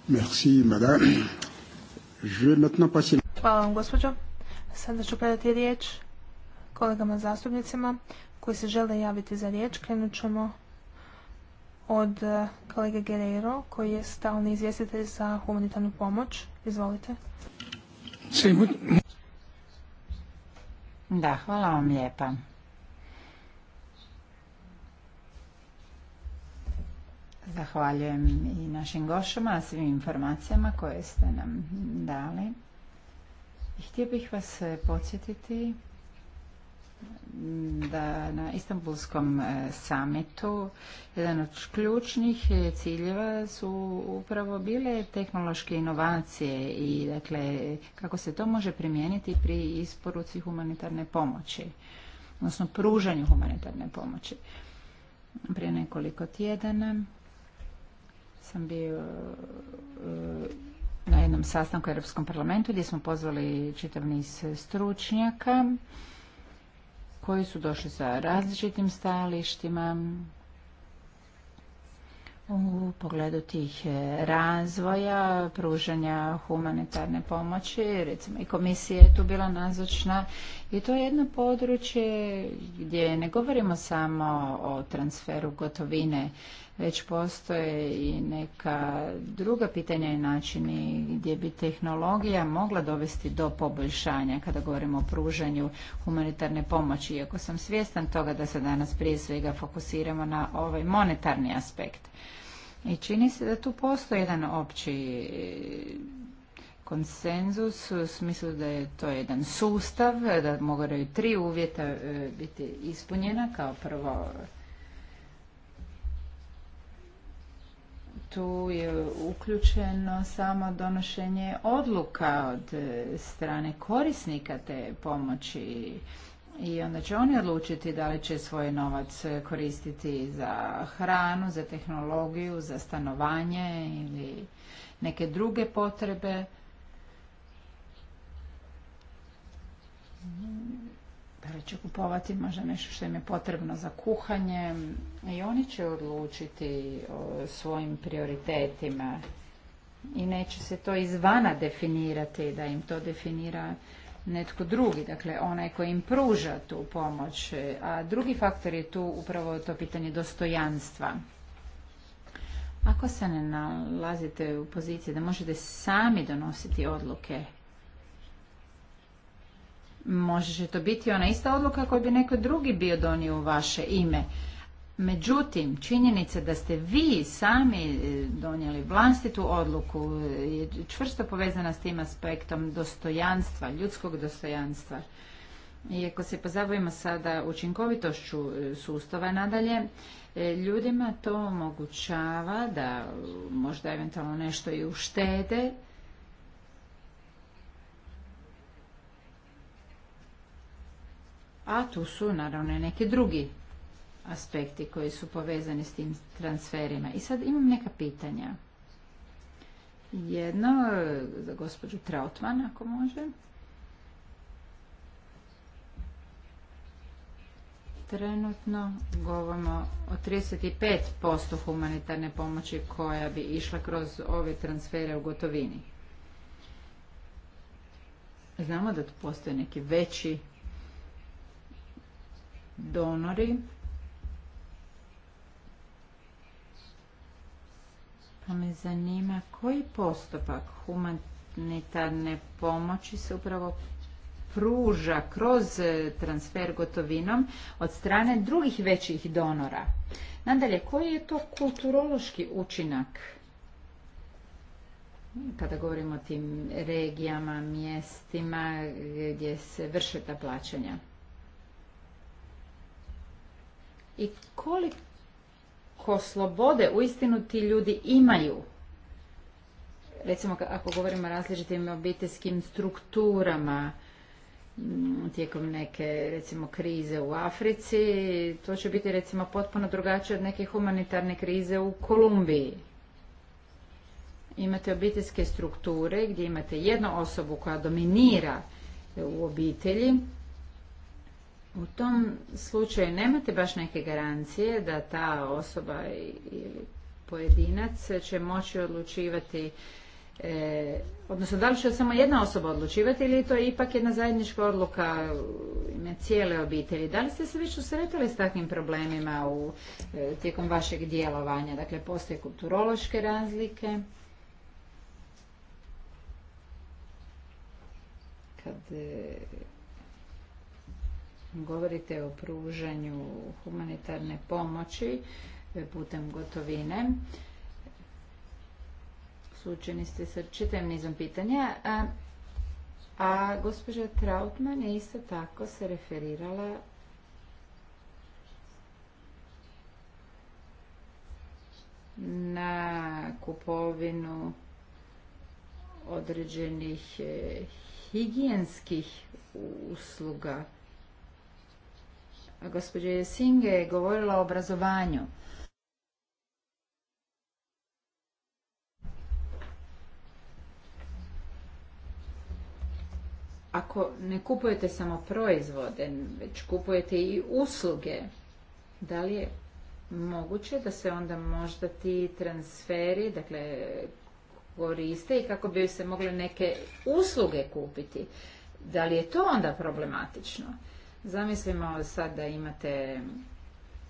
C: Merci, madame. Je
B: Hvala vam, gospođo.
A: Sada ću predati riječ kolegama zastupnicima koji se žele javiti za riječ. Krenut ćemo od e, kolege Guerreiro koji je stalni izvjestitelj za humanitarnu pomoć. Izvolite.
B: Da, hvala vam lijepa. Zahvaljujem i našim gošama, svim informacijama koje ste nam dali. Htio bih vas e, podsjetiti da na Istanbulskom e, samitu jedan od ključnih e, ciljeva su upravo bile tehnološke inovacije i dakle kako se to može primijeniti pri isporuci humanitarne pomoći, odnosno pružanju humanitarne pomoći. Prije nekoliko tjedana sam bio e, na jednom sastanku u Europskom parlamentu gdje smo pozvali čitav niz stručnjaka koji su došli sa različitim stajalištima u pogledu tih e, razvoja, pružanja humanitarne pomoći, recimo i komisija je tu bila nazočna i to je jedno područje gdje ne govorimo samo o transferu gotovine, već postoje i neka druga pitanja i načini gdje bi tehnologija mogla dovesti do poboljšanja kada govorimo o pružanju humanitarne pomoći. Iako sam svjestan toga da se danas prije svega fokusiramo na ovaj monetarni aspekt. I čini se da tu postoji jedan opći konsenzus u smislu da je to jedan sustav, da moraju tri uvjeta e, biti ispunjena. Kao prvo, tu je uključeno samo donošenje odluka od e, strane korisnika te pomoći i onda će oni odlučiti da li će svoj novac koristiti za hranu, za tehnologiju, za stanovanje ili neke druge potrebe da li će kupovati možda nešto što im je potrebno za kuhanje i oni će odlučiti o e, svojim prioritetima i neće se to izvana definirati, da im to definira netko drugi, dakle onaj koji im pruža tu pomoć. E, a drugi faktor je tu upravo to pitanje dostojanstva. Ako se ne nalazite u poziciji da možete sami donositi odluke Može će to biti ona ista odluka koju bi neko drugi bio donio u vaše ime. Međutim, činjenica da ste vi sami e, donijeli vlastitu odluku e, je čvrsto povezana s tim aspektom dostojanstva, ljudskog dostojanstva. I ako se pozabavimo sada učinkovitošću e, sustava nadalje, ljudima to omogućava da možda eventualno nešto i uštede, a tu su naravno i neki drugi aspekti koji su povezani s tim transferima. I sad imam neka pitanja. Jedno za gospođu Trautman, ako može. Trenutno govorimo o 35% humanitarne pomoći koja bi išla kroz ove transfere u gotovini. Znamo da tu postoje neki veći donori pa me zanima koji postupak humanitarne pomoći se upravo pruža kroz e, transfer gotovinom od strane drugih većih donora. Nadalje, koji je to kulturološki učinak? Kada govorimo o tim regijama, mjestima gdje se vrše ta plaćanja. i koliko slobode uistinu ti ljudi imaju. Recimo ako govorimo o različitim obiteljskim strukturama tijekom neke recimo krize u Africi, to će biti recimo potpuno drugačije od neke humanitarne krize u Kolumbiji. Imate obiteljske strukture gdje imate jednu osobu koja dominira u obitelji, u tom slučaju nemate baš neke garancije da ta osoba ili pojedinac će moći odlučivati e, odnosno da li će samo jedna osoba odlučivati ili to je ipak jedna zajednička odluka ime cijele obitelji. Da li ste se već usretali s takvim problemima u, e, tijekom vašeg djelovanja? Dakle, postoje kulturološke razlike? Kad e, govorite o pružanju humanitarne pomoći e, putem gotovine. Sučeni ste sa čitavim nizom pitanja. A, a gospođa Trautman je isto tako se referirala na kupovinu određenih e, higijenskih usluga Gospođa Jesinge je govorila o obrazovanju. Ako ne kupujete samo proizvode, već kupujete i usluge, da li je moguće da se onda možda ti transferi, dakle, koriste i kako bi se mogle neke usluge kupiti? Da li je to onda problematično? Zamislimo sad da imate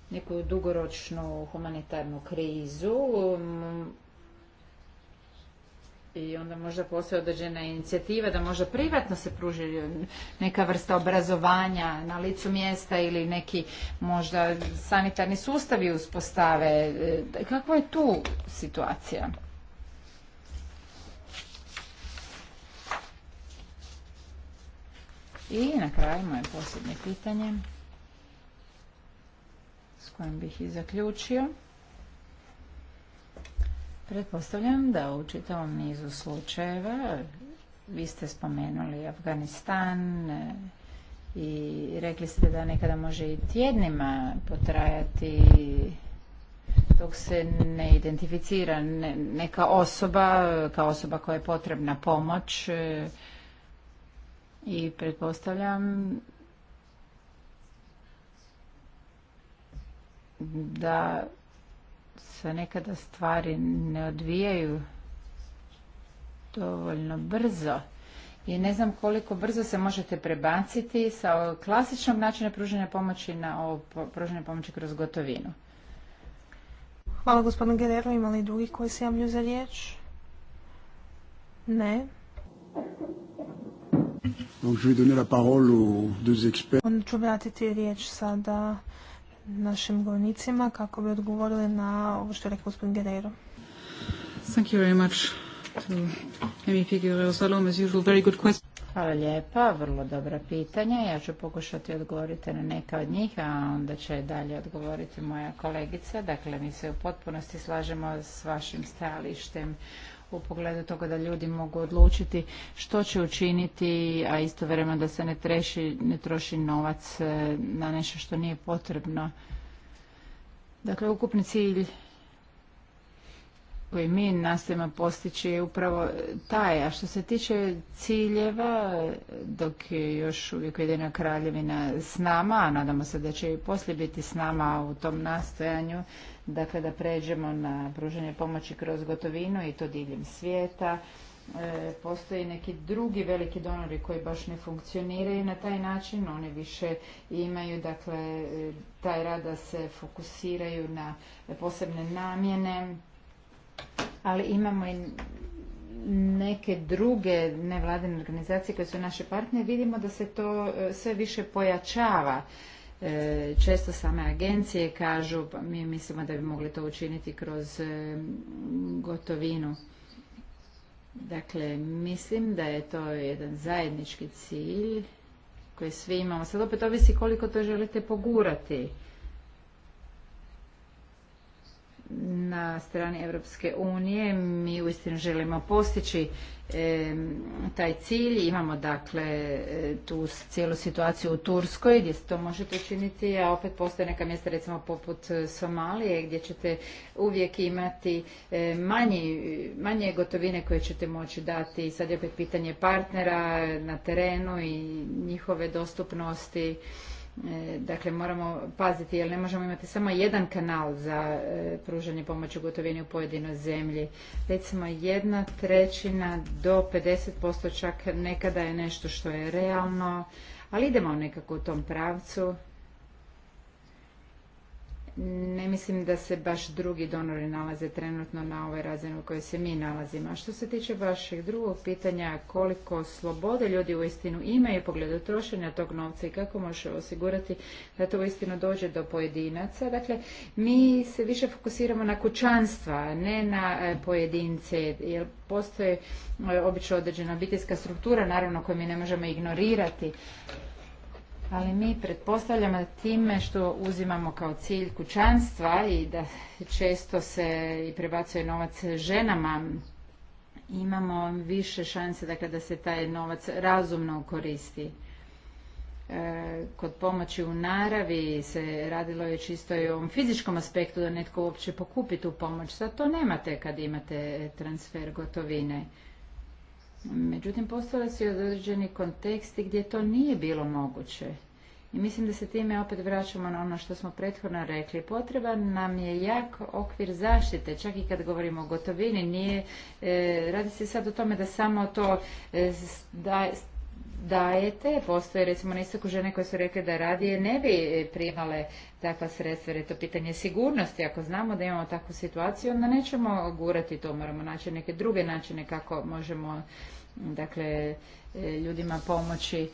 B: neku dugoročnu humanitarnu krizu mm, i onda možda postoje određena inicijativa da možda privatno se pruži neka vrsta obrazovanja na licu mjesta ili neki možda sanitarni sustavi uspostave. E, kakva je tu situacija? I na kraju moje posljednje pitanje s kojim bih i zaključio. Pretpostavljam da u čitavom nizu slučajeva vi ste spomenuli Afganistan e, i rekli ste da nekada može i tjednima potrajati dok se ne identificira neka osoba e, kao osoba koja je potrebna pomoć e, i pretpostavljam da se nekada stvari ne odvijaju dovoljno brzo i ne znam koliko brzo se možete prebaciti sa klasičnog načina pružanja pomoći na ovo pružanje pomoći kroz gotovinu.
A: Hvala gospodinu Gerero, Ima li drugi koji se javlju za riječ? Ne.
C: Donc Onda
A: ću vratiti riječ sada našim govornicima kako bi odgovorili na ovo što je rekao gospodin Guerrero.
B: Thank you very much to very good question. Hvala lijepa, vrlo dobra pitanja. Ja ću pokušati odgovoriti na neka od njih, a onda će dalje odgovoriti moja kolegica. Dakle, mi se u potpunosti slažemo s vašim stajalištem u pogledu toga da ljudi mogu odlučiti što će učiniti, a istovremeno da se ne, treši, ne troši novac e, na nešto što nije potrebno. Dakle, ukupni cilj koji mi nastavimo postići je upravo taj. A što se tiče ciljeva, dok je još uvijek jedina kraljevina s nama, a nadamo se da će i poslije biti s nama u tom nastojanju, dakle da pređemo na pružanje pomoći kroz gotovinu i to diljem svijeta, e, postoje neki drugi veliki donori koji baš ne funkcioniraju na taj način, oni više imaju, dakle, e, taj rada se fokusiraju na posebne namjene, ali imamo i neke druge nevladine organizacije koje su naše partnere, vidimo da se to e, sve više pojačava. E, često same agencije kažu, pa mi mislimo da bi mogli to učiniti kroz e, gotovinu. Dakle, mislim da je to jedan zajednički cilj koji svi imamo. Sad opet ovisi koliko to želite pogurati na strani Europske unije. Mi uistinu želimo postići taj cilj. Imamo dakle tu cijelu situaciju u Turskoj gdje se to možete učiniti, a opet postoje neka mjesta recimo poput Somalije gdje ćete uvijek imati manje gotovine koje ćete moći dati. Sad je opet pitanje partnera na terenu i njihove dostupnosti. E, dakle, moramo paziti jer ne možemo imati samo jedan kanal za e, pružanje pomoći u gotovini u pojedinoj zemlji. Recimo, jedna trećina do 50% čak nekada je nešto što je realno, ali idemo nekako u tom pravcu ne mislim da se baš drugi donori nalaze trenutno na ovoj razini u kojoj se mi nalazimo. A što se tiče vašeg drugog pitanja, koliko slobode ljudi u istinu imaju u pogledu trošenja tog novca i kako može osigurati da to u istinu dođe do pojedinaca. Dakle, mi se više fokusiramo na kućanstva, ne na e, pojedince, jer postoje e, obično određena obiteljska struktura, naravno koju mi ne možemo ignorirati ali mi pretpostavljamo da time što uzimamo kao cilj kućanstva i da često se i prebacuje novac ženama, imamo više šanse dakle, da se taj novac razumno koristi. E, kod pomoći u naravi se radilo je čisto i o ovom fizičkom aspektu da netko uopće pokupi tu pomoć. Sad to nemate kad imate transfer gotovine. Međutim, postojali su i određeni konteksti gdje to nije bilo moguće. I mislim da se time opet vraćamo na ono što smo prethodno rekli. Potreban nam je jak okvir zaštite, čak i kad govorimo o gotovini, nije, e, radi se sad o tome da samo to e, da dajete. Postoje recimo na istoku žene koje su rekle da radije ne bi primale takva sredstva jer je to pitanje sigurnosti. Ako znamo da imamo takvu situaciju onda nećemo gurati to, moramo naći neke druge načine kako možemo dakle e, ljudima pomoći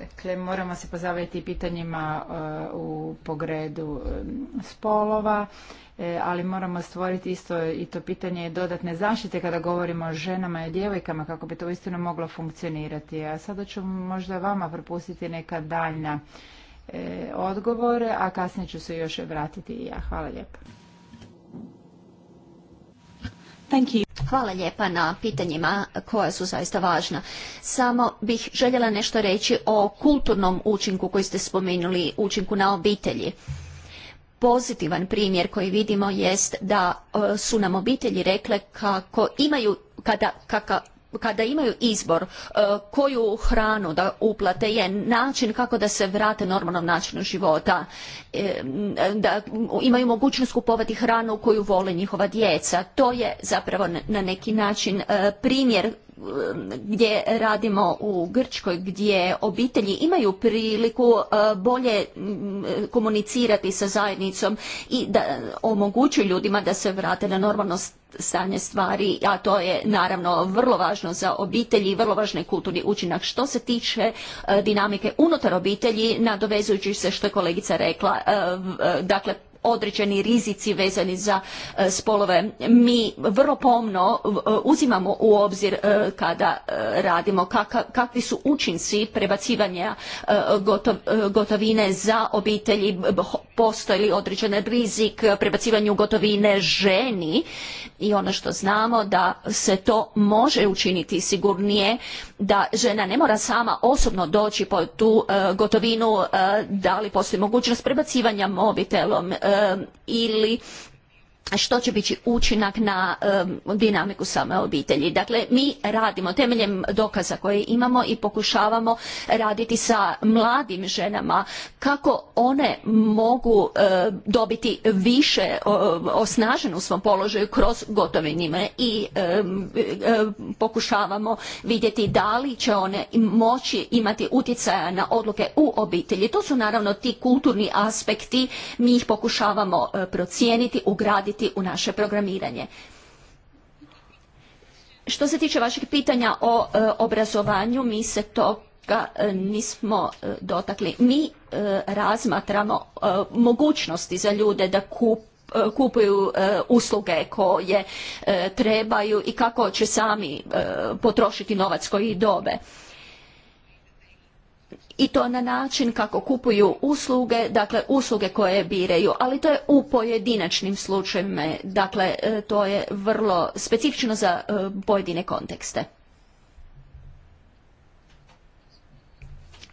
B: Dakle, moramo se pozabaviti pitanjima e, u pogredu e, spolova, e, ali moramo stvoriti isto i to pitanje dodatne zaštite kada govorimo o ženama i djevojkama kako bi to uistinu moglo funkcionirati. A sada ću možda vama propustiti neka daljna odgovore, a kasnije ću se još vratiti
D: i ja. Hvala lijepo. Thank you. Hvala lijepa na pitanjima koja su zaista važna. Samo bih željela nešto reći o kulturnom učinku koji ste spomenuli, učinku na obitelji. Pozitivan primjer koji vidimo jest da e, su nam obitelji rekle kako imaju kada, kaka, kada imaju izbor e, koju hranu da uplate je način kako da se vrate normalnom načinu života e, da imaju mogućnost kupovati hranu koju vole njihova djeca to je zapravo na neki način e, primjer gdje radimo u Grčkoj, gdje obitelji imaju priliku e, bolje komunicirati sa zajednicom i da omogućuju ljudima da se vrate na normalno stanje stvari, a to je naravno vrlo važno za obitelji i vrlo važan je kulturni učinak. Što se tiče e, dinamike unutar obitelji, nadovezujući se što je kolegica rekla, e, dakle određeni rizici vezani za e, spolove mi vrlo pomno e, uzimamo u obzir e, kada radimo kakvi su učinci prebacivanja gotovine za obitelji postoji li određen rizik prebacivanju gotovine ženi i ono što znamo da se to može učiniti sigurnije da žena ne mora sama osobno doći po tu gotovinu da li postoji mogućnost prebacivanja mobitelom ili što će biti učinak na dinamiku same obitelji. Dakle, mi radimo temeljem dokaza koje imamo i pokušavamo raditi sa mladim ženama kako one mogu dobiti više osnaženo u svom položaju kroz gotovinime i pokušavamo vidjeti da li će one moći imati utjecaja na odluke u obitelji. To su naravno ti kulturni aspekti, mi ih pokušavamo procijeniti, ugraditi u naše programiranje. Što se tiče vašeg pitanja o e, obrazovanju, mi se toga e, nismo e, dotakli. Mi razmatramo mogućnosti za ljude da kupuju usluge koje trebaju i kako će sami potrošiti novac koji dobe i to na način kako kupuju usluge, dakle usluge koje biraju, ali to je u pojedinačnim slučajevima, dakle e, to je vrlo specifično za e, pojedine kontekste.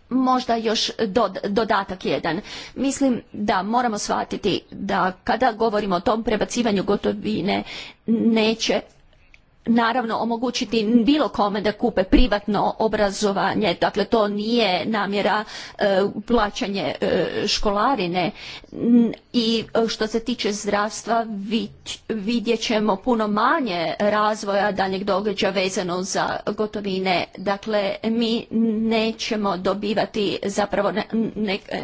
D: možda još dodatak jedan. Mislim da moramo shvatiti da kada govorimo o tom prebacivanju gotovine neće naravno omogućiti bilo kome da kupe privatno obrazovanje dakle to nije namjera e, plaćanje e, školarine i e, što se tiče zdravstva vidjet ćemo puno manje razvoja daljnjeg događa vezano za gotovine dakle mi nećemo dobivati zapravo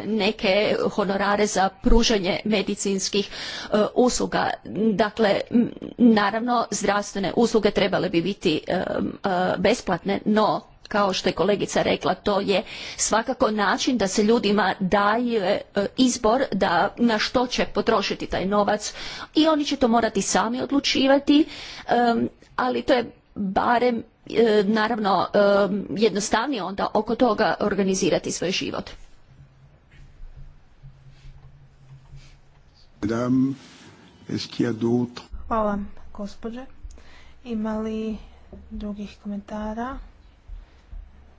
D: neke honorare za pružanje medicinskih usluga dakle naravno zdravstvene usluge trebale bi biti e, besplatne, no kao što je kolegica rekla, to je svakako način da se ljudima daje e, izbor da na što će potrošiti taj novac i oni će to morati sami odlučivati, ali to je barem e, naravno jednostavnije onda oko toga organizirati svoj život.
A: Hvala, gospođe. Ima li drugih komentara,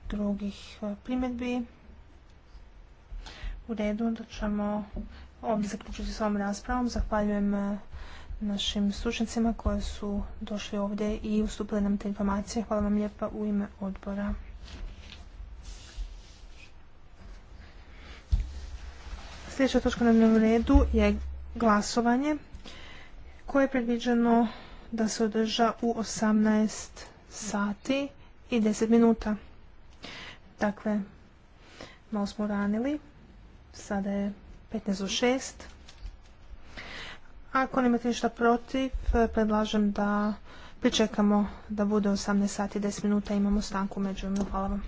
A: drugih eh, primjedbi? U redu, onda ćemo ovdje zaključiti s ovom raspravom. Zahvaljujem eh, našim stručnicima koji su došli ovdje i ustupili nam te informacije. Hvala vam lijepa u ime odbora. Sljedeća točka na dnevnom redu je glasovanje koje je predviđeno da se održa u 18 sati i 10 minuta. Dakle, malo smo ranili. Sada je 15 u 6. Ako nemate ništa protiv, predlažem da pričekamo da bude 18 sati i 10 minuta. Imamo stanku među Hvala vam.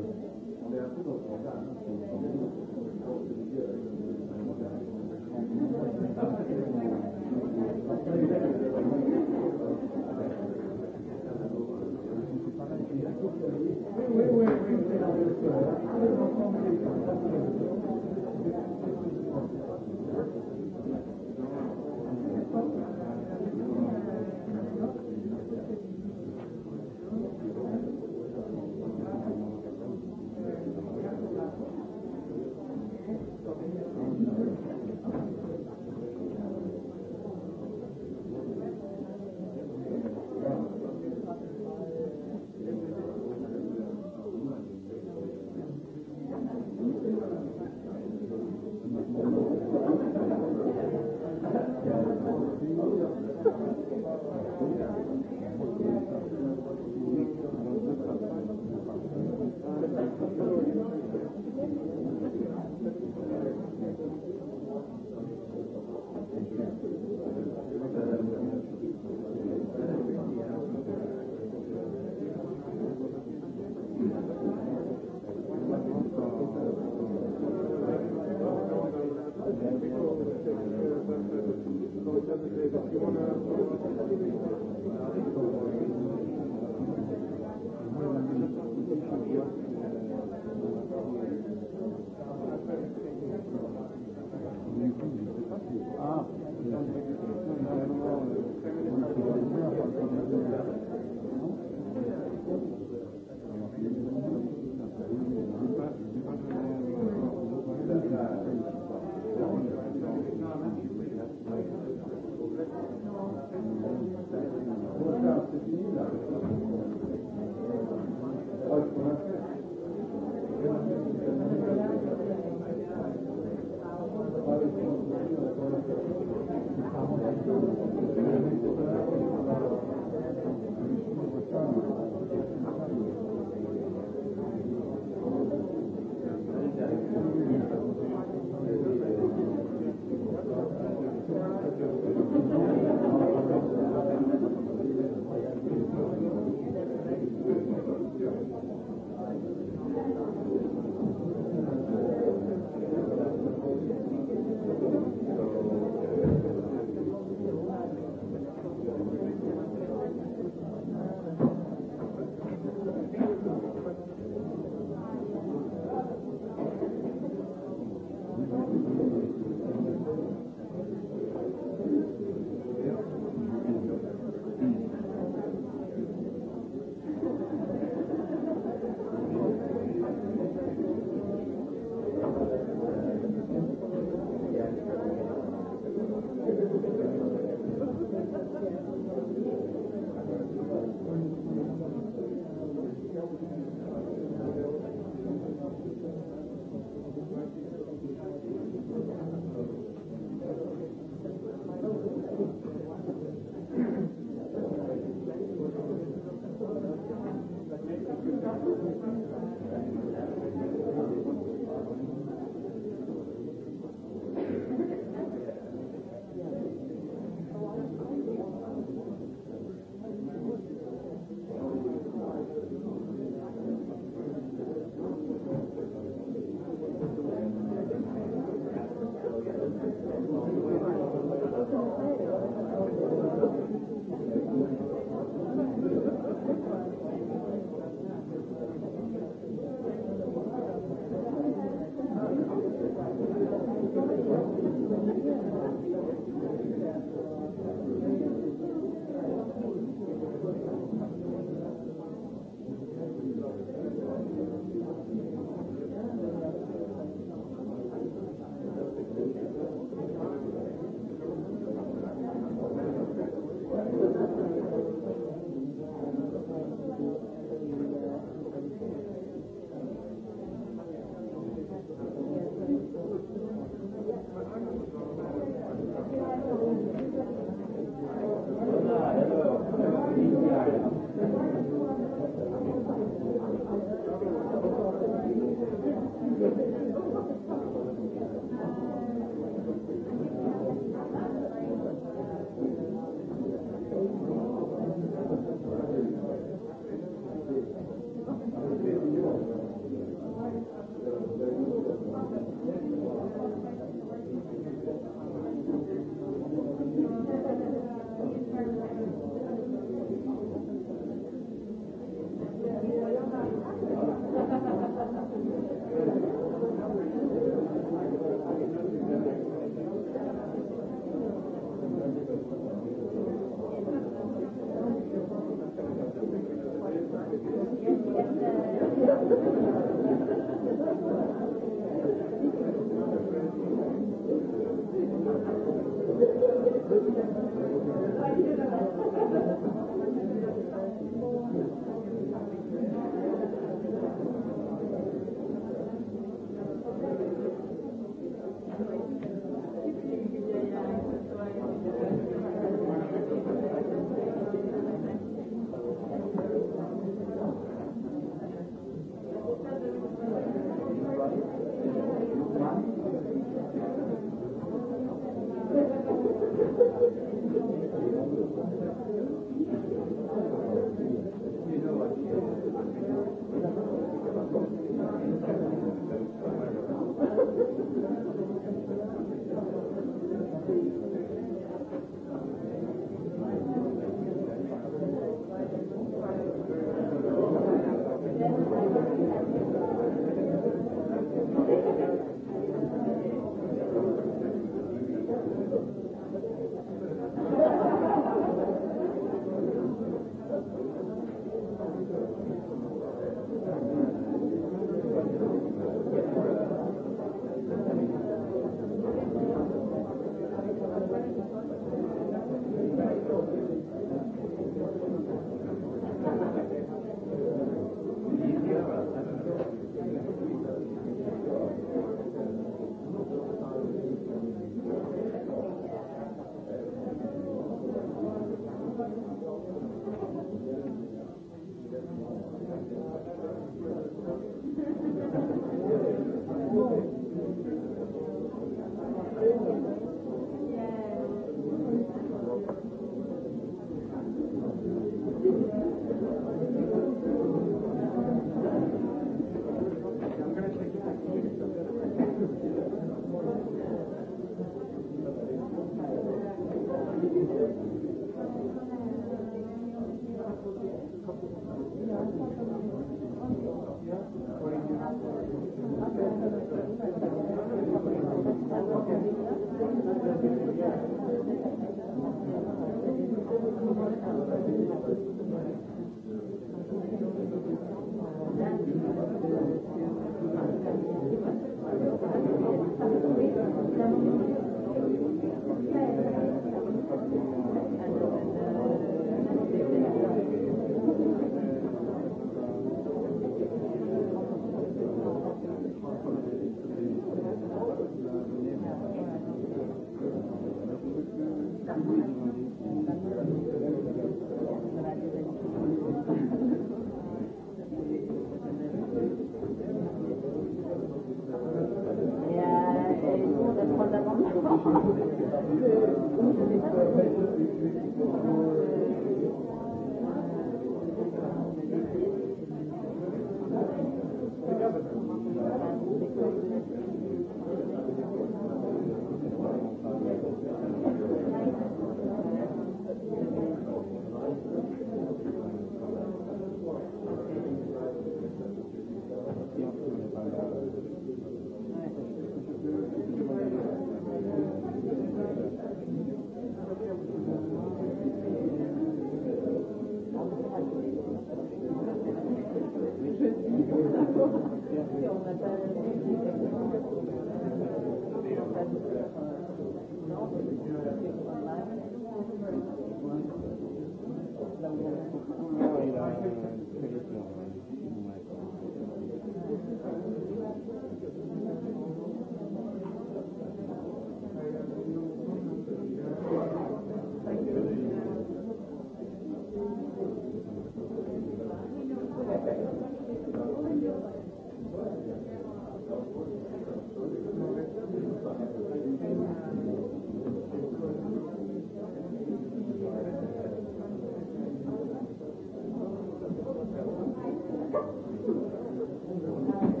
E: do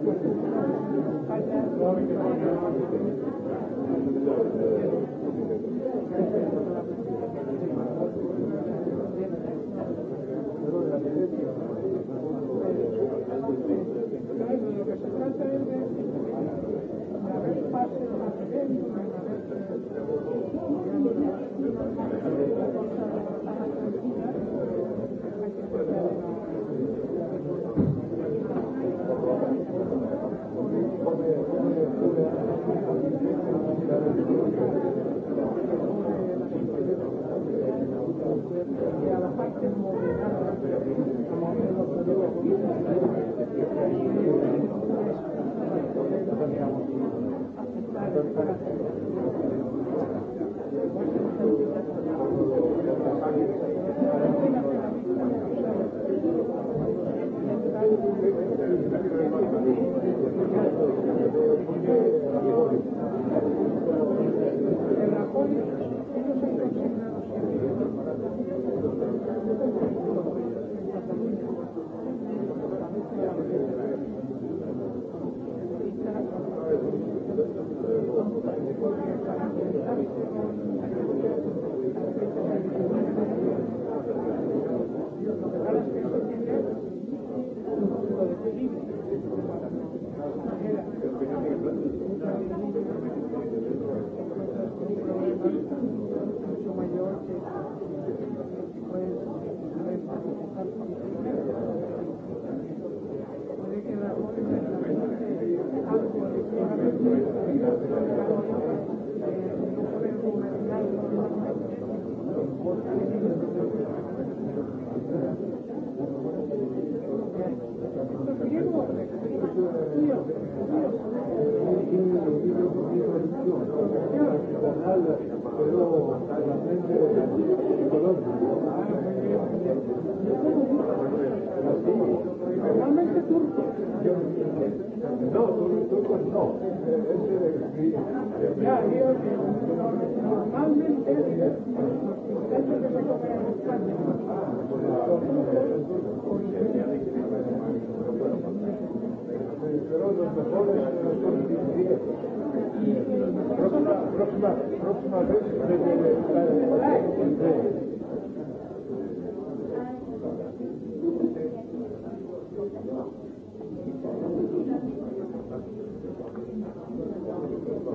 E: Hvala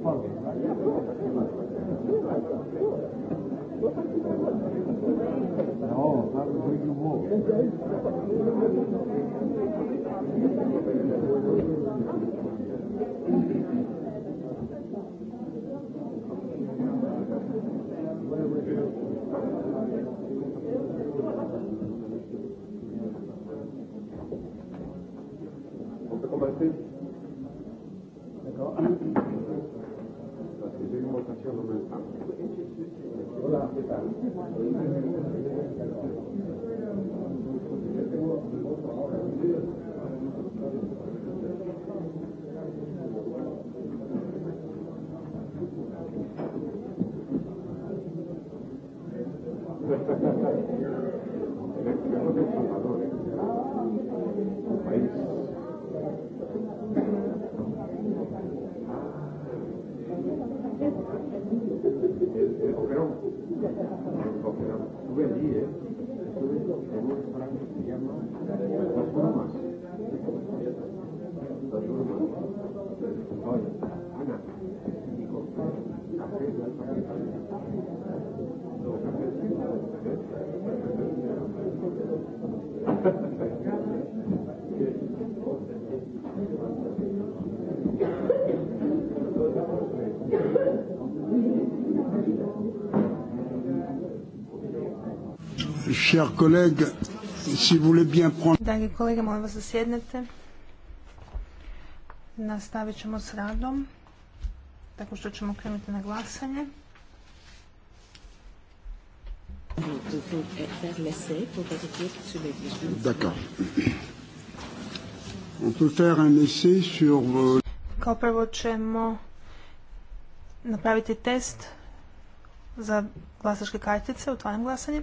E: No,
C: Chers collègues, si vous voulez bien prendre...
A: Dragi kolege, molim vas da sjednete. Nastavit ćemo s radom tako što ćemo krenuti na glasanje.
C: D'accord. On peut faire un essai sur...
A: Kao prvo ćemo napraviti test za glasačke kartice, u otvaram glasanju.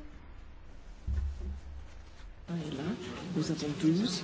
D: Voilà, nous avons 12.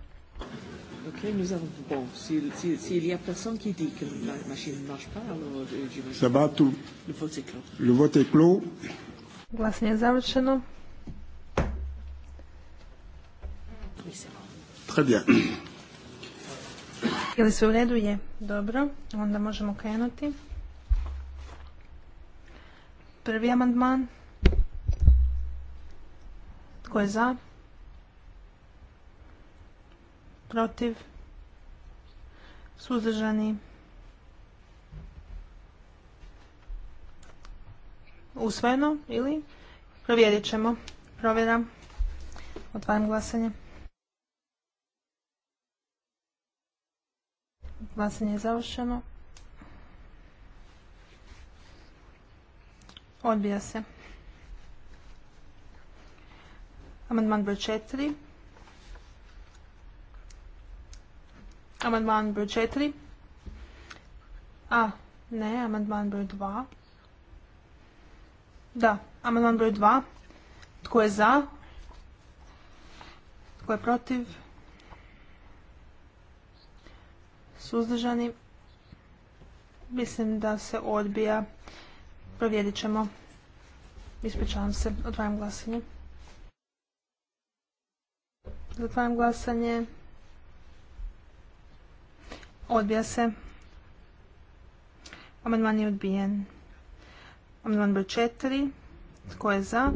D: Après, nous avons... Bon, s'il si, si, si, y a personne qui dit que la machine ne marche pas, alors euh, j'imagine... Ça va tout. Le vote est clos.
C: Le vote est clos.
A: Glasanje je završeno. Très bien. Je se u redu? Je. Dobro. Onda možemo krenuti. Prvi amandman. Tko je za? Protiv? Suzdržani. Usvojeno ili? Provjerit ćemo. Provjeram. Otvaram glasanje. Glasanje je završeno. Odbija se. Amandman broj 4. Amandman broj 4. A, ne, amandman broj 2. Da, amandman broj 2. Tko je za? Tko je protiv? Suzdržani? Mislim da se odbija. Provjerit ćemo. Ispričavam se. Otvaram glasanje. Zatvaram glasanje. Odbija se. Amandman je odbijen. Amandman broj četiri. Tko je za?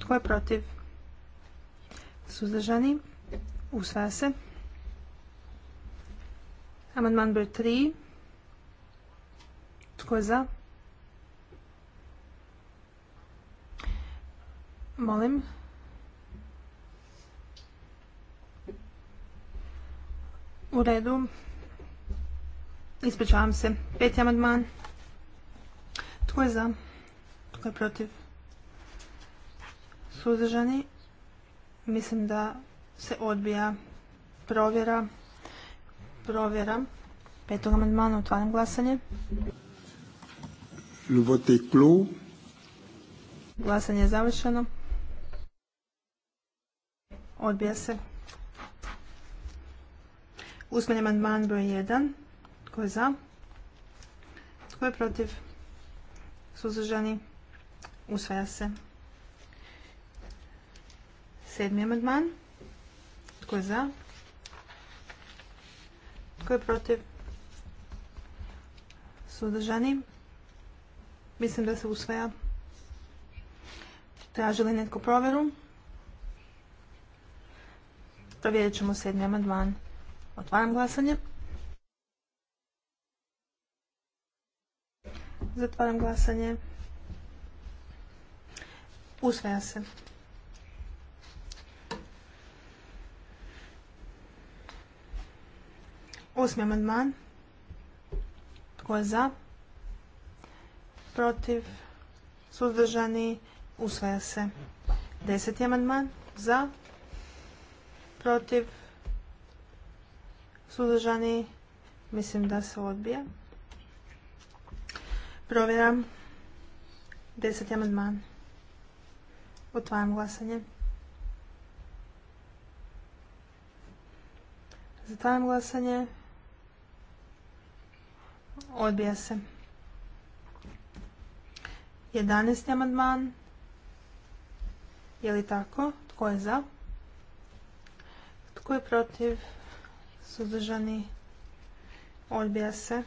A: Tko je protiv? Suzdržani? Usvaja se. Amandman broj tri. Tko je za? Molim. U redu. Ispričavam se. Peti amandman. Tko je za? Tko je protiv? Suzdržani. Mislim da se odbija provjera. Provjera. Petog amandmana otvaram glasanje. Glasanje je završeno. Odbija se. Usmeni amandman broj 1. Tko je za? Tko je protiv? Suzdržani? Usvaja se. Sedmi amandman. Tko je za? Tko je protiv? Suzdržani? Mislim da se usvaja. Traži li netko provjeru? Provjerit ćemo sedmi amandman. Otvaram glasanje. Zatvaram glasanje. Usvaja se. Osmi amandman. Tko je za? Protiv? Suzdržani? Usvaja se. Deseti amandman. Za? Protiv? Suzdržani? Mislim da se odbija. Provjeram. Deset amandman. Otvaram glasanje. Zatvajam glasanje. Odbija se. 11. amandman. Je li tako? Tko je za? Tko je protiv? suzdržani, odbija se.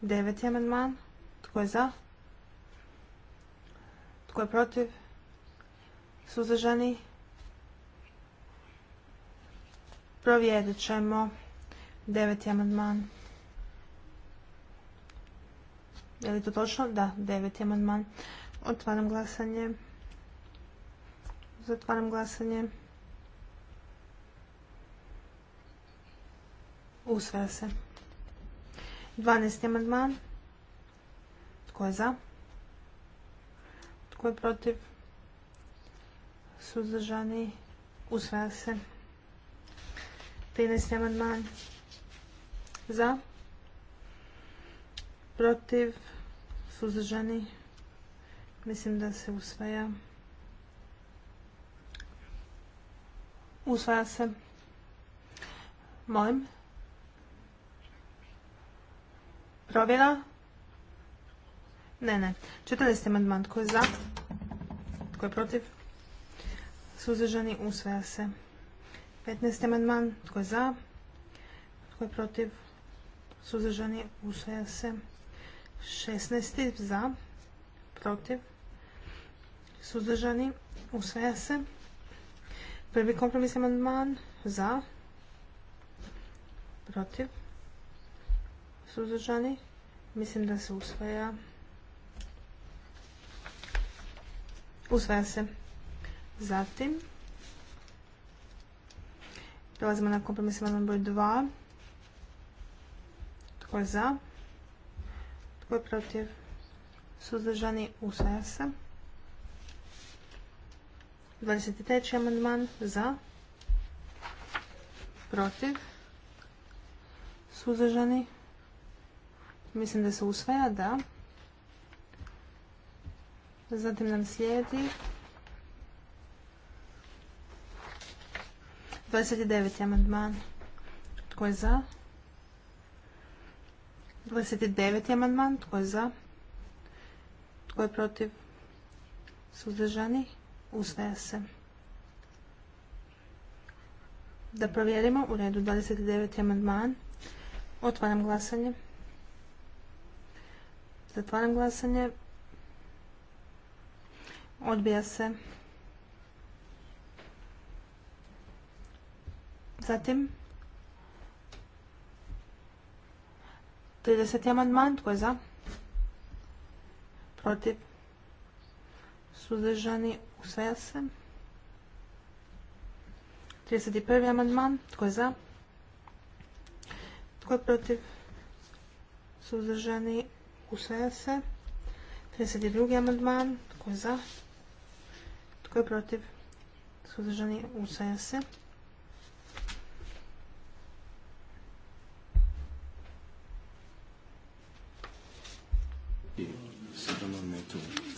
A: Deveti amandman, tko je za? Tko je protiv? Suzdržani? Provjerit ćemo deveti amandman. Je li to točno? Da, deveti amandman. Otvaram glasanje. Zatvaram glasanje. Usvaja se. 12. amandman. Tko je za? Tko je protiv? Suzdržani. Usvaja se. 13. amandman. Za. Protiv. Suzdržani. Mislim da se usvaja. Usvaja se. Molim. Provjera? Ne, ne. 14. amandman. Tko je za? Tko je protiv? Suzdržani usvaja se. 15. amandman. Tko je za? Tko je protiv? Suzdržani usvaja se. 16. za? Protiv? Suzdržani usvaja se. Prvi kompromis, amandman. Za? Protiv? Suzdržani? Mislim da se usvaja. Usvaja se. Zatim. Prelazimo na kompromis amandman broj 2. Tko je za? Tko je protiv? Suzdržani? Usvaja se. 23. amandman za. Protiv. Suzdržani? Mislim da se usvaja, da. Zatim nam slijedi 29. amandman. Tko je za? 29. amandman. Tko je za? Tko je protiv? Suzdržani? Usvaja se. Da provjerimo. U redu 29. amandman. Otvaram glasanje. Zatvaram glasanje. Odbija se. Zatim. 30. amandman. Tko je za? Protiv. Suzdržani. Usvaja se. 31. amandman. Tko je za? Tko je protiv? Suzdržani usvaja se. 32. amandman, tko je za, tko je protiv, suzdržani, usvaja se.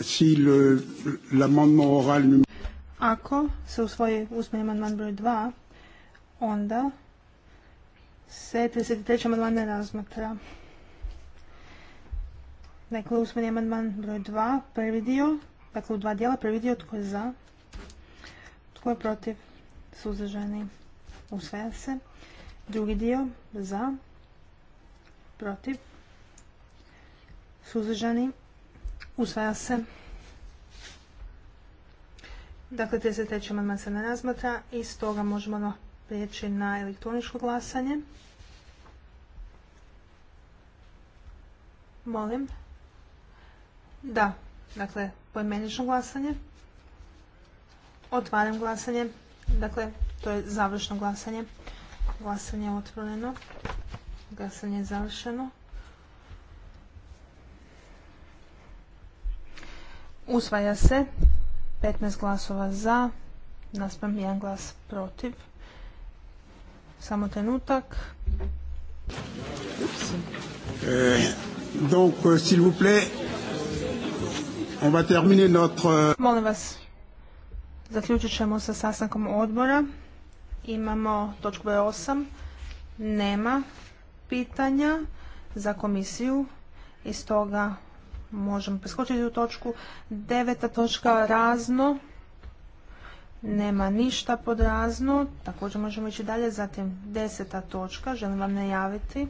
C: Si l'amendement oral
A: ako se usvoji usmeni amandman broj 2, onda se 33. amandman ne razmatra. Dakle, usmeni amandman broj 2, prvi dio, dakle u dva dijela, prvi dio tko je za, tko je protiv, suzdržani, usvaja se. Drugi dio, za, protiv, suzdržani, usvaja se. Dakle, 33. amandman se ne razmatra i stoga možemo prijeći na elektroničko glasanje. Molim. Da, dakle, poimenično glasanje. Otvaram glasanje. Dakle, to je završno glasanje. Glasanje je otvoreno. Glasanje je završeno. Usvaja se 15 glasova za, naspram jedan glas protiv. Samo trenutak.
C: Euh, donc, euh, s'il vous plaît, on va terminer notre... Euh,
A: Molim vas, zaključit ćemo sa sastankom odbora. Imamo točku b 8. Nema pitanja za komisiju i stoga možemo preskočiti u točku. Deveta točka razno. Nema ništa pod razno. Također možemo ići dalje. Zatim deseta točka. Želim vam najaviti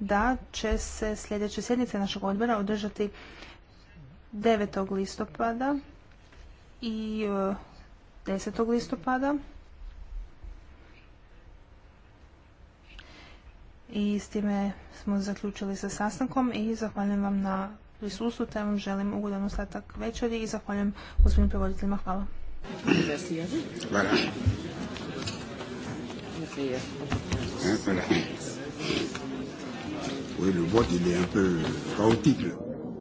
A: da će se sljedeće sjednice našeg odbora održati 9. listopada i 10. E, listopada. I s time smo zaključili sa sastankom i zahvaljujem vam na prisustvu, te vam želim ugodan ostatak večeri i zahvaljujem gospodinu prevoditeljima. Hvala.
E: Oui, le vote, il est un peu chaotique.